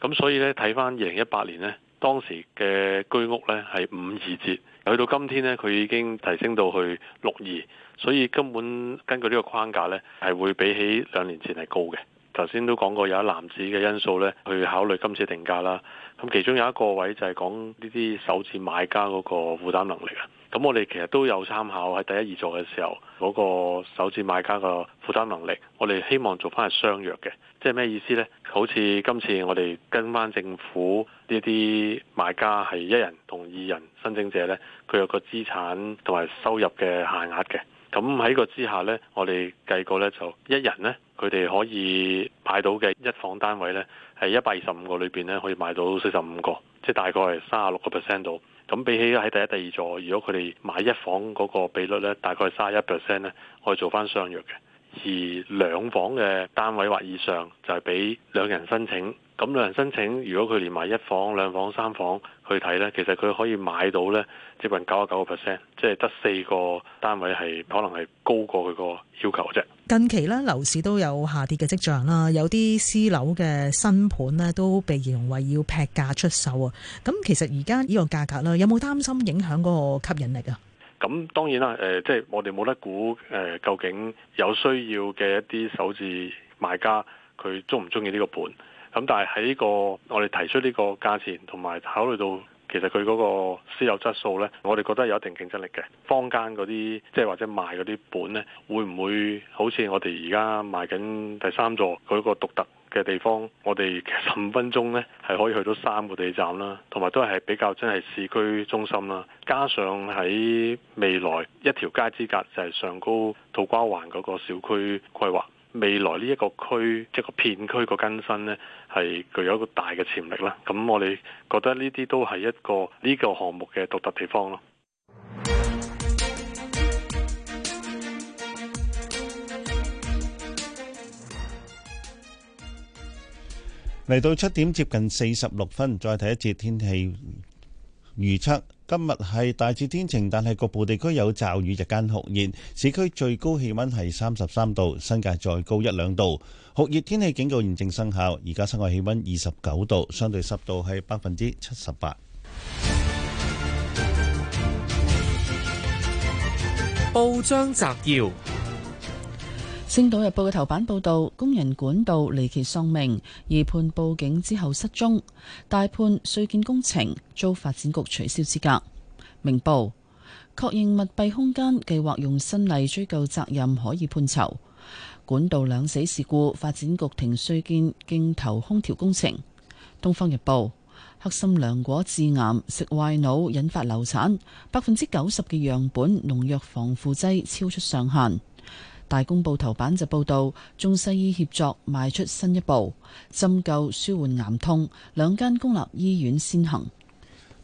咁所以咧睇翻二零一八年呢，當時嘅居屋咧係五二折，去到今天呢，佢已經提升到去六二，所以根本根據呢個框架咧係會比起兩年前係高嘅。頭先都講過有啲樓市嘅因素咧，去考慮今次定價啦。咁其中有一個位就係講呢啲首次買家嗰個負擔能力啊。咁我哋其實都有參考喺第一二座嘅時候嗰個首次買家嘅負擔能力。我哋希望做翻係相若嘅，即係咩意思呢？好似今次我哋跟翻政府呢啲買家係一人同二人申請者呢，佢有個資產同埋收入嘅限額嘅。咁喺個之下呢，我哋計過呢，就一人呢，佢哋可以派到嘅一房單位呢，係一百二十五個裏邊呢，可以買到四十五個，即係大概係三十六個 percent 度。咁比起喺第一、第二座，如果佢哋買一房嗰個比率呢，大概係三十一 percent 呢，可以做翻相約嘅。而兩房嘅單位或以上就係俾兩人申請。咁兩人申請，如果佢連埋一房、兩房、三房去睇呢，其實佢可以買到呢接近九啊九個 percent，即係得四個單位係可能係高過佢個要求啫。近期呢，樓市都有下跌嘅跡象啦，有啲私樓嘅新盤咧都被形容為要劈價出售啊。咁其實而家呢個價格呢，有冇擔心影響嗰個吸引力啊？咁當然啦，誒、呃，即、就、係、是、我哋冇得估誒、呃，究竟有需要嘅一啲首置買家佢中唔中意呢個盤？咁但係喺呢個我哋提出呢個價錢，同埋考慮到其實佢嗰個私有質素呢，我哋覺得有一定競爭力嘅。坊間嗰啲即係或者賣嗰啲本呢，會唔會好似我哋而家賣緊第三座嗰個獨特嘅地方？我哋十五分鐘呢，係可以去到三個地站啦，同埋都係比較真係市區中心啦。加上喺未來一條街之隔就係上高土瓜灣嗰個小區規劃。未來呢一個區即係個片區個更新呢，係具有一個大嘅潛力啦。咁我哋覺得呢啲都係一個呢、呢個項目嘅獨特地方咯。嚟到七點接近四十六分，再睇一次天氣預測。今日係大致天晴，但係局部地區有驟雨。日間酷熱，市區最高氣溫係三十三度，新界再高一兩度。酷熱天氣警告現正生效。而家室外氣溫二十九度，相對濕度係百分之七十八。報章摘要。星島日報嘅頭版報道：工人管道離奇喪命，二判報警之後失蹤；大判續建工程遭發展局取消資格。明報確認密閉空間，計劃用新例追究責任，可以判囚。管道兩死事故，發展局停續建競投空調工程。東方日報：黑心涼果致癌，食壞腦引發流產，百分之九十嘅樣本農藥防腐劑超出上限。大公報頭版就報道中西醫協作邁出新一步，針灸舒緩癌痛。兩間公立醫院先行。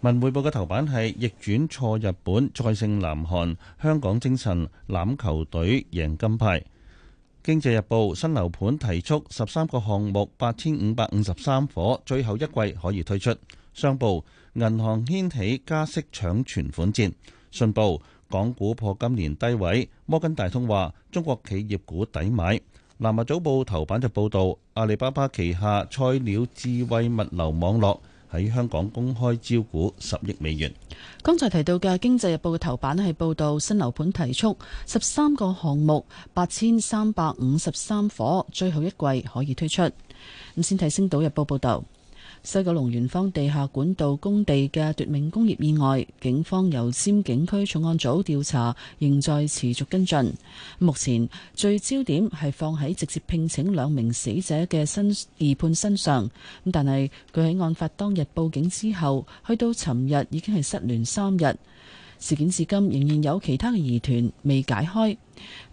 文匯報嘅頭版係逆轉錯日本再勝南韓，香港精神欖球隊贏金牌。經濟日報新樓盤提速十三個項目，八千五百五十三伙，最後一季可以推出。商報銀行掀起加息搶存款戰。信報港股破今年低位。摩根大通話中國企業股抵買。南華早報頭版就報道，阿里巴巴旗下菜鳥智慧物流網絡喺香港公開招股十億美元。剛才提到嘅經濟日報嘅頭版係報道新樓盤提速，十三個項目，八千三百五十三夥，最後一季可以推出。咁先睇《星島日報》報道。西九龍圓方地下管道工地嘅奪命工業意外，警方由尖警區重案組調查，仍在持續跟進。目前最焦點係放喺直接聘請兩名死者嘅新疑判身上。咁但係佢喺案發當日報警之後，去到尋日已經係失聯三日。事件至今仍然有其他疑團未解開，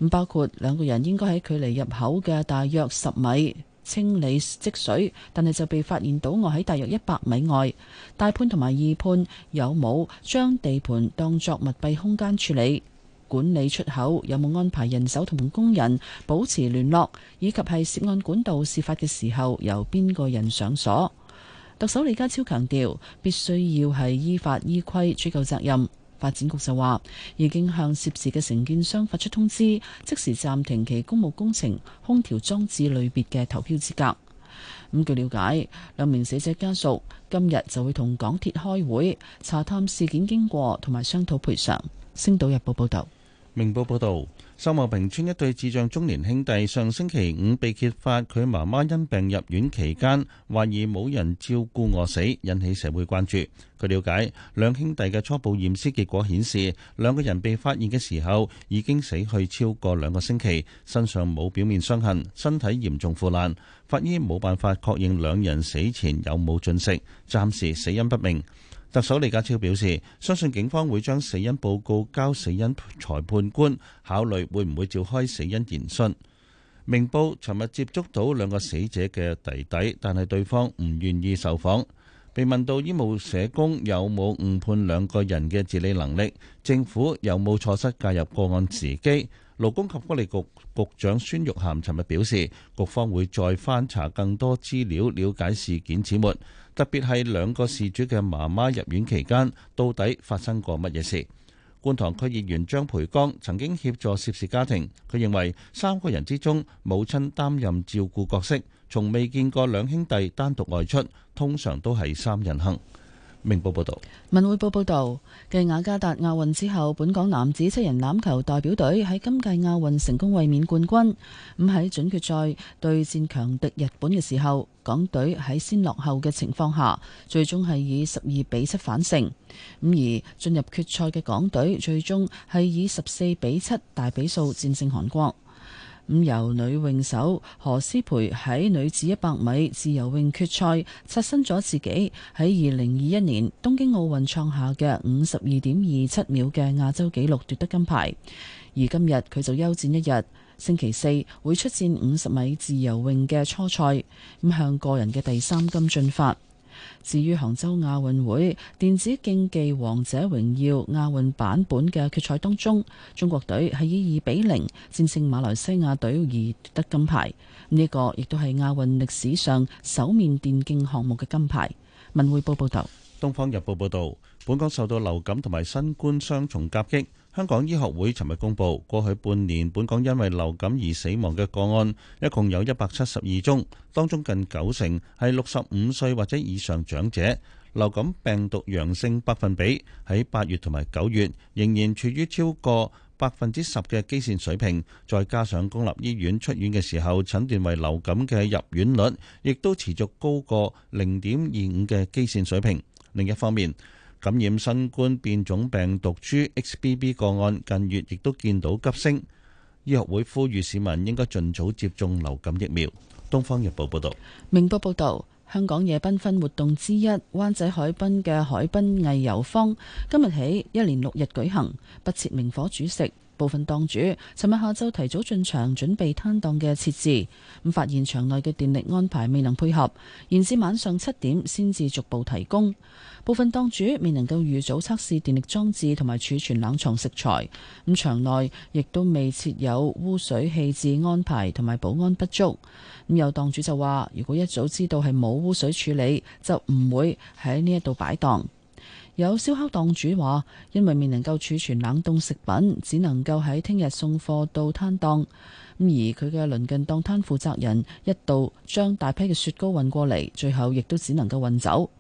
咁包括兩個人應該喺距離入口嘅大約十米。清理積水，但係就被發現倒臥喺大約一百米外。大判同埋二判有冇將地盤當作密閉空間處理？管理出口有冇安排人手同工人保持聯絡？以及係涉案管道事發嘅時候，由邊個人上鎖？特首李家超強調，必須要係依法依規追究責任。發展局就話，已經向涉事嘅承建商發出通知，即時暫停其公務工程空調裝置類別嘅投票資格。咁據了解，兩名死者家屬今日就會同港鐵開會，查探事件經過同埋商討賠償。星島日報報道。明報報導，秀茂坪村一對智障中年兄弟上星期五被揭發，佢媽媽因病入院期間，懷疑冇人照顧餓死，引起社會關注。據了解，兩兄弟嘅初步驗屍結果顯示，兩個人被發現嘅時候已經死去超過兩個星期，身上冇表面傷痕，身體嚴重腐爛，法醫冇辦法確認兩人死前有冇進食，暫時死因不明。特首李家超表示，相信警方會將死因報告交死因裁判官考慮，會唔會召開死因研訊？明報尋日接觸到兩個死者嘅弟弟，但係對方唔願意受訪。被問到醫務社工有冇誤判兩個人嘅自理能力，政府有冇錯失介入個案時機，勞工及福利局局，局長孫玉菡尋日表示，局方會再翻查更多資料，了解事件始末。特別係兩個事主嘅媽媽入院期間，到底發生過乜嘢事？觀塘區議員張培剛曾經協助涉事家庭，佢認為三個人之中，母親擔任照顧角色，從未見過兩兄弟單獨外出，通常都係三人行。明報報道，文匯報報道，繼雅加達亞運之後，本港男子七人欖球代表隊喺今屆亞運成功衛冕冠軍。咁喺準決賽對戰強敵日本嘅時候，港隊喺先落後嘅情況下，最終係以十二比七反勝。咁而進入決賽嘅港隊，最終係以十四比七大比數戰勝韓國。咁由女泳手何詩蓓喺女子一百米自由泳決賽，刷新咗自己喺二零二一年東京奧運創下嘅五十二點二七秒嘅亞洲紀錄，奪得金牌，而今日佢就休戰一日，星期四會出戰五十米自由泳嘅初賽，咁向個人嘅第三金進發。至於杭州亞運會電子競技《王者榮耀》亞運版本嘅決賽當中，中國隊係以二比零戰勝馬來西亞隊而奪得金牌。呢個亦都係亞運歷史上首面電競項目嘅金牌。文匯報報道，東方日報報道，本港受到流感同埋新冠雙重夾擊。香港醫學會尋日公布，過去半年本港因為流感而死亡嘅個案，一共有一百七十二宗，當中近九成係六十五歲或者以上長者。流感病毒陽性百分比喺八月同埋九月仍然處於超過百分之十嘅基線水平，再加上公立醫院出院嘅時候診斷為流感嘅入院率，亦都持續高過零點二五嘅基線水平。另一方面，感染新冠變種病毒株 XBB 個案近月亦都見到急升，醫學會呼籲市民應該盡早接種流感疫苗。《東方日報》報道。《明報》報道，香港夜繽紛活動之一，灣仔海濱嘅海濱藝遊坊今日起一連六日舉行，不設明火煮食。部分檔主尋日下晝提早進場準備攤檔嘅設置，咁發現場內嘅電力安排未能配合，延至晚上七點先至逐步提供。部分檔主未能夠預早測試電力裝置同埋儲存冷藏食材，咁場內亦都未設有污水棄置安排同埋保安不足。咁有檔主就話：如果一早知道係冇污水處理，就唔會喺呢一度擺檔。有燒烤檔主話，因為未能夠儲存冷凍食品，只能夠喺聽日送貨到攤檔。咁而佢嘅鄰近檔攤負責人一度將大批嘅雪糕運過嚟，最後亦都只能夠運走。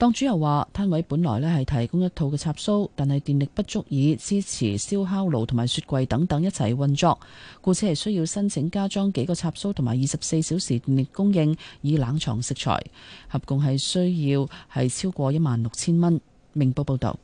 檔主又話，攤位本來呢係提供一套嘅插蘇，但係電力不足以支持燒烤爐同埋雪櫃等等一齊運作，故此係需要申請加裝幾個插蘇同埋二十四小時電力供應以冷藏食材，合共係需要係超過一萬六千蚊。明報報道，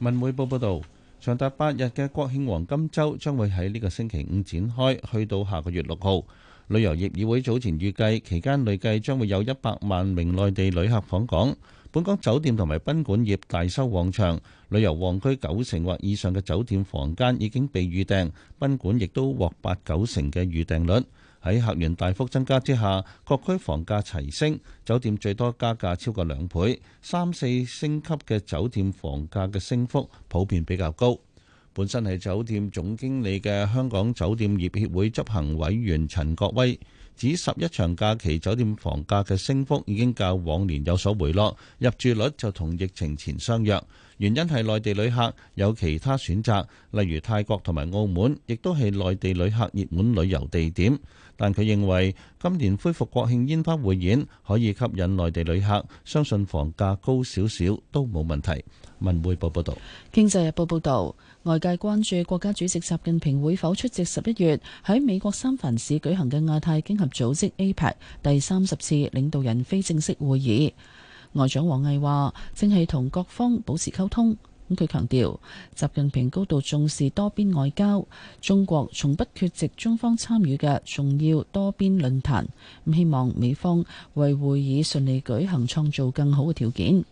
文匯報報道，長達八日嘅國慶黃金周將會喺呢個星期五展開，去到下個月六號。旅遊業議會早前預計，期間累計將會有一百萬名內地旅客訪港。本港酒店同埋賓館業大收旺場，旅遊旺區九成或以上嘅酒店房間已經被預訂，賓館亦都獲八九成嘅預訂率。喺客源大幅增加之下，各區房價齊升，酒店最多加價超過兩倍，三四星級嘅酒店房價嘅升幅普遍比較高。本身係酒店總經理嘅香港酒店業協會執行委員陳國威指，十一長假期酒店房價嘅升幅已經較往年有所回落，入住率就同疫情前相若，原因係內地旅客有其他選擇，例如泰國同埋澳門，亦都係內地旅客熱門旅遊地點。但佢認為今年恢復國慶煙花匯演可以吸引內地旅客，相信房價高少少都冇問題。文匯報報導，《經濟日報》報導，外界關注國家主席習近平會否出席十一月喺美國三藩市舉行嘅亞太經合組織 APEC 第三十次領導人非正式會議。外長王毅話：正係同各方保持溝通。咁佢強調，習近平高度重視多邊外交，中國從不缺席中方參與嘅重要多邊論壇。咁希望美方為會議順利舉行創造更好嘅條件。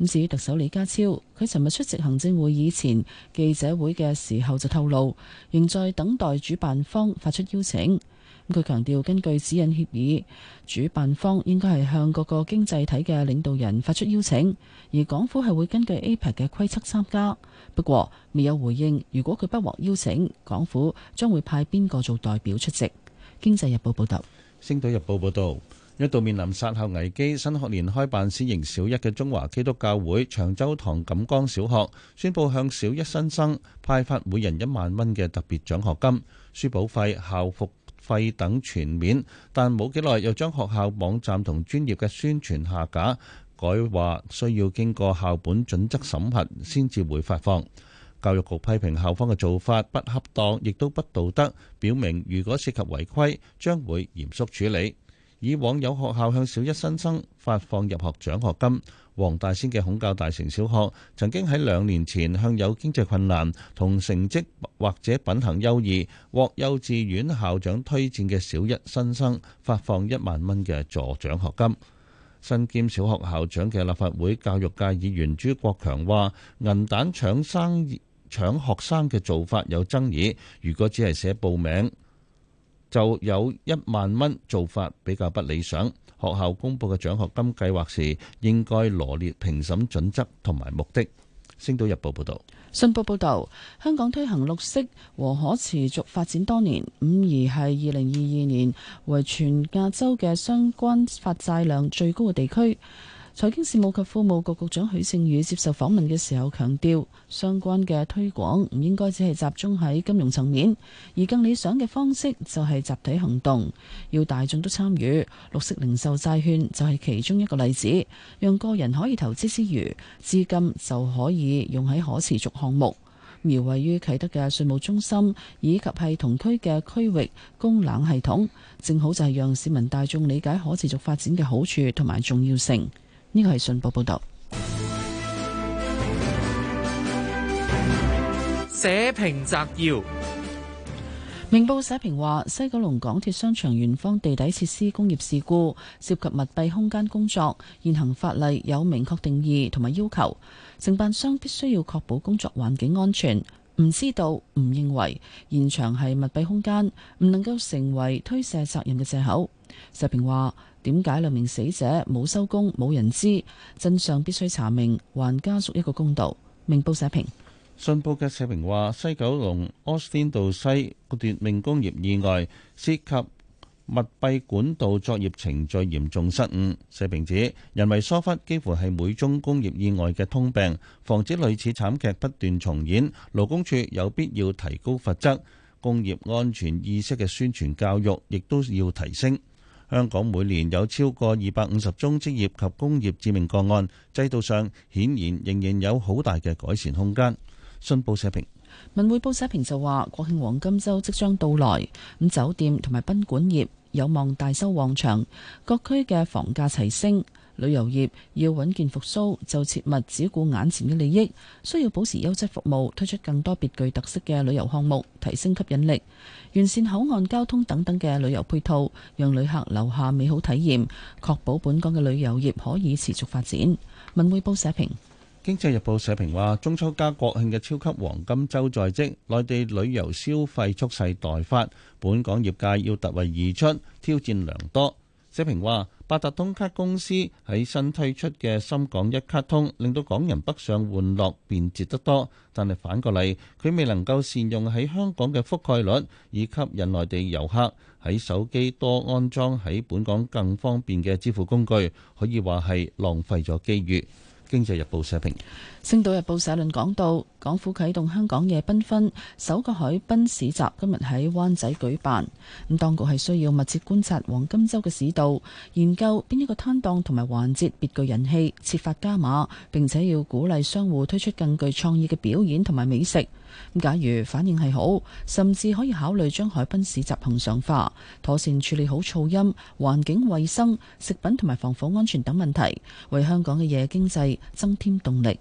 咁至於特首李家超，佢尋日出席行政會議前記者會嘅時候就透露，仍在等待主辦方發出邀請。佢強調，強調根據指引協議，主辦方應該係向各個經濟體嘅領導人發出邀請，而港府係會根據 APEC 嘅規則參加。不過未有回應，如果佢不獲邀請，港府將會派邊個做代表出席。經濟日報報道。星島日報報道，一度面臨殺校危機，新學年開辦先型小一嘅中華基督教會長洲堂錦江小學，宣布向小一新生派發每人一萬蚊嘅特別獎學金、書簿費、校服費等全免，但冇幾耐又將學校網站同專業嘅宣傳下架，改話需要經過校本準則審核先至會發放。教育局批評校方嘅做法不恰當，亦都不道德，表明如果涉及違規，將會嚴肅處理。以往有學校向小一新生發放入學獎學金。黃大仙嘅孔教大成小學曾經喺兩年前向有經濟困難同成績或者品行優異獲幼稚園校長推薦嘅小一新生發放一萬蚊嘅助獎學金。身兼小學校長嘅立法會教育界議員朱國強話：銀彈搶生搶學生嘅做法有爭議，如果只係寫報名就有一萬蚊做法比較不理想。學校公布嘅獎學金計劃時，應該羅列評審準則同埋目的。星島日報報道，信報報道，香港推行綠色和可持續發展多年，五二係二零二二年為全亞洲嘅相關發債量最高嘅地區。財經事務及庫務局局，局長許正宇接受訪問嘅時候強調，相關嘅推廣唔應該只係集中喺金融層面，而更理想嘅方式就係集體行動，要大眾都參與。綠色零售債券就係其中一個例子，讓個人可以投資之餘，資金就可以用喺可持續項目。描而位於啟德嘅稅務中心以及係同區嘅區域供冷系統，正好就係讓市民大眾理解可持續發展嘅好處同埋重要性。呢個係信報報道。社評摘要：明報社評話，西九龍港鐵商場圓方地底設施工業事故涉及密閉空間工作，現行法例有明確定義同埋要求，承辦商必須要確保工作環境安全。唔知道，唔認為現場係密閉空間，唔能夠成為推卸責任嘅借口。社評話：點解兩名死者冇收工，冇人知？真相必須查明，還家屬一個公道。明報社評。信報嘅社評話：西九龍 Austin 道西奪命工業意外涉及密閉管道作業，程序嚴重失誤。社評指人為疏忽幾乎係每宗工業意外嘅通病，防止類似慘劇不斷重演，勞工處有必要提高罰則，工業安全意識嘅宣傳教育亦都要提升。香港每年有超過二百五十宗職業及工業致命個案，制度上顯然仍然有好大嘅改善空間。信報社評。文匯報社評就話：國慶黃金週即將到來，咁酒店同埋賓館業有望大收旺場，各區嘅房價齊升。旅遊業要穩健復甦，就切勿只顧眼前嘅利益，需要保持優質服務，推出更多別具特色嘅旅遊項目，提升吸引力，完善口岸交通等等嘅旅遊配套，讓旅客留下美好體驗，確保本港嘅旅遊業可以持續發展。文匯報社評，《經濟日報》社評話：中秋加國慶嘅超級黃金週在即，內地旅遊消費蓄勢待發，本港業界要突圍而出，挑戰良多。社評話。八達通卡公司喺新推出嘅深港一卡通，令到港人北上玩樂便捷得多。但係反過嚟，佢未能夠善用喺香港嘅覆蓋率，以吸引內地遊客喺手機多安裝喺本港更方便嘅支付工具，可以話係浪費咗機遇。經濟日報社評。星島日報社論講到，港府啟動香港夜繽紛，首個海濱市集今日喺灣仔舉辦。咁，當局係需要密切觀察黃金周嘅市道，研究邊一個攤檔同埋環節別具人氣，設法加碼，並且要鼓勵商戶推出更具創意嘅表演同埋美食。假如反應係好，甚至可以考慮將海濱市集恆常化，妥善處理好噪音、環境衛生、食品同埋防火安全等問題，為香港嘅夜經濟增添動力。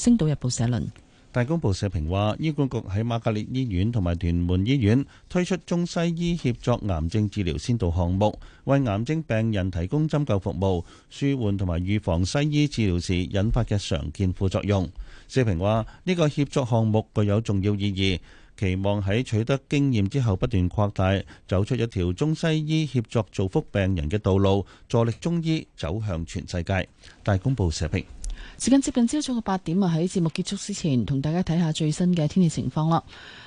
星島日報社論。大公報社評話，醫管局喺瑪嘉烈醫院同埋屯門醫院推出中西醫協作癌症治療先導項目，為癌症病人提供針灸服務，舒緩同埋預防西醫治療時引發嘅常見副作用。社評話呢個協作項目具有重要意義，期望喺取得經驗之後不斷擴大，走出一條中西醫協作造福病人嘅道路，助力中醫走向全世界。大公報社評。時間接近朝早嘅八點啊，喺節目結束之前，同大家睇下最新嘅天氣情況啦。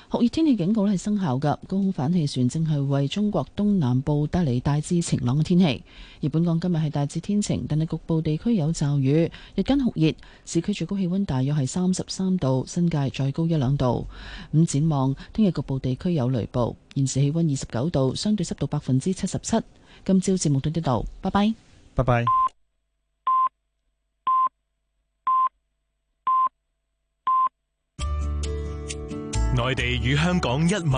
酷熱天氣警告咧係生效㗎，高空反氣旋正係為中國東南部帶嚟大致晴朗嘅天氣。而本港今日係大致天晴，但係局部地區有驟雨，日間酷熱，市區最高氣溫大約係三十三度，新界再高一兩度。咁展望，聽日局部地區有雷暴。現時氣溫二十九度，相對濕度百分之七十七。今朝節目到呢度，拜拜，拜拜。內地與香港一脈。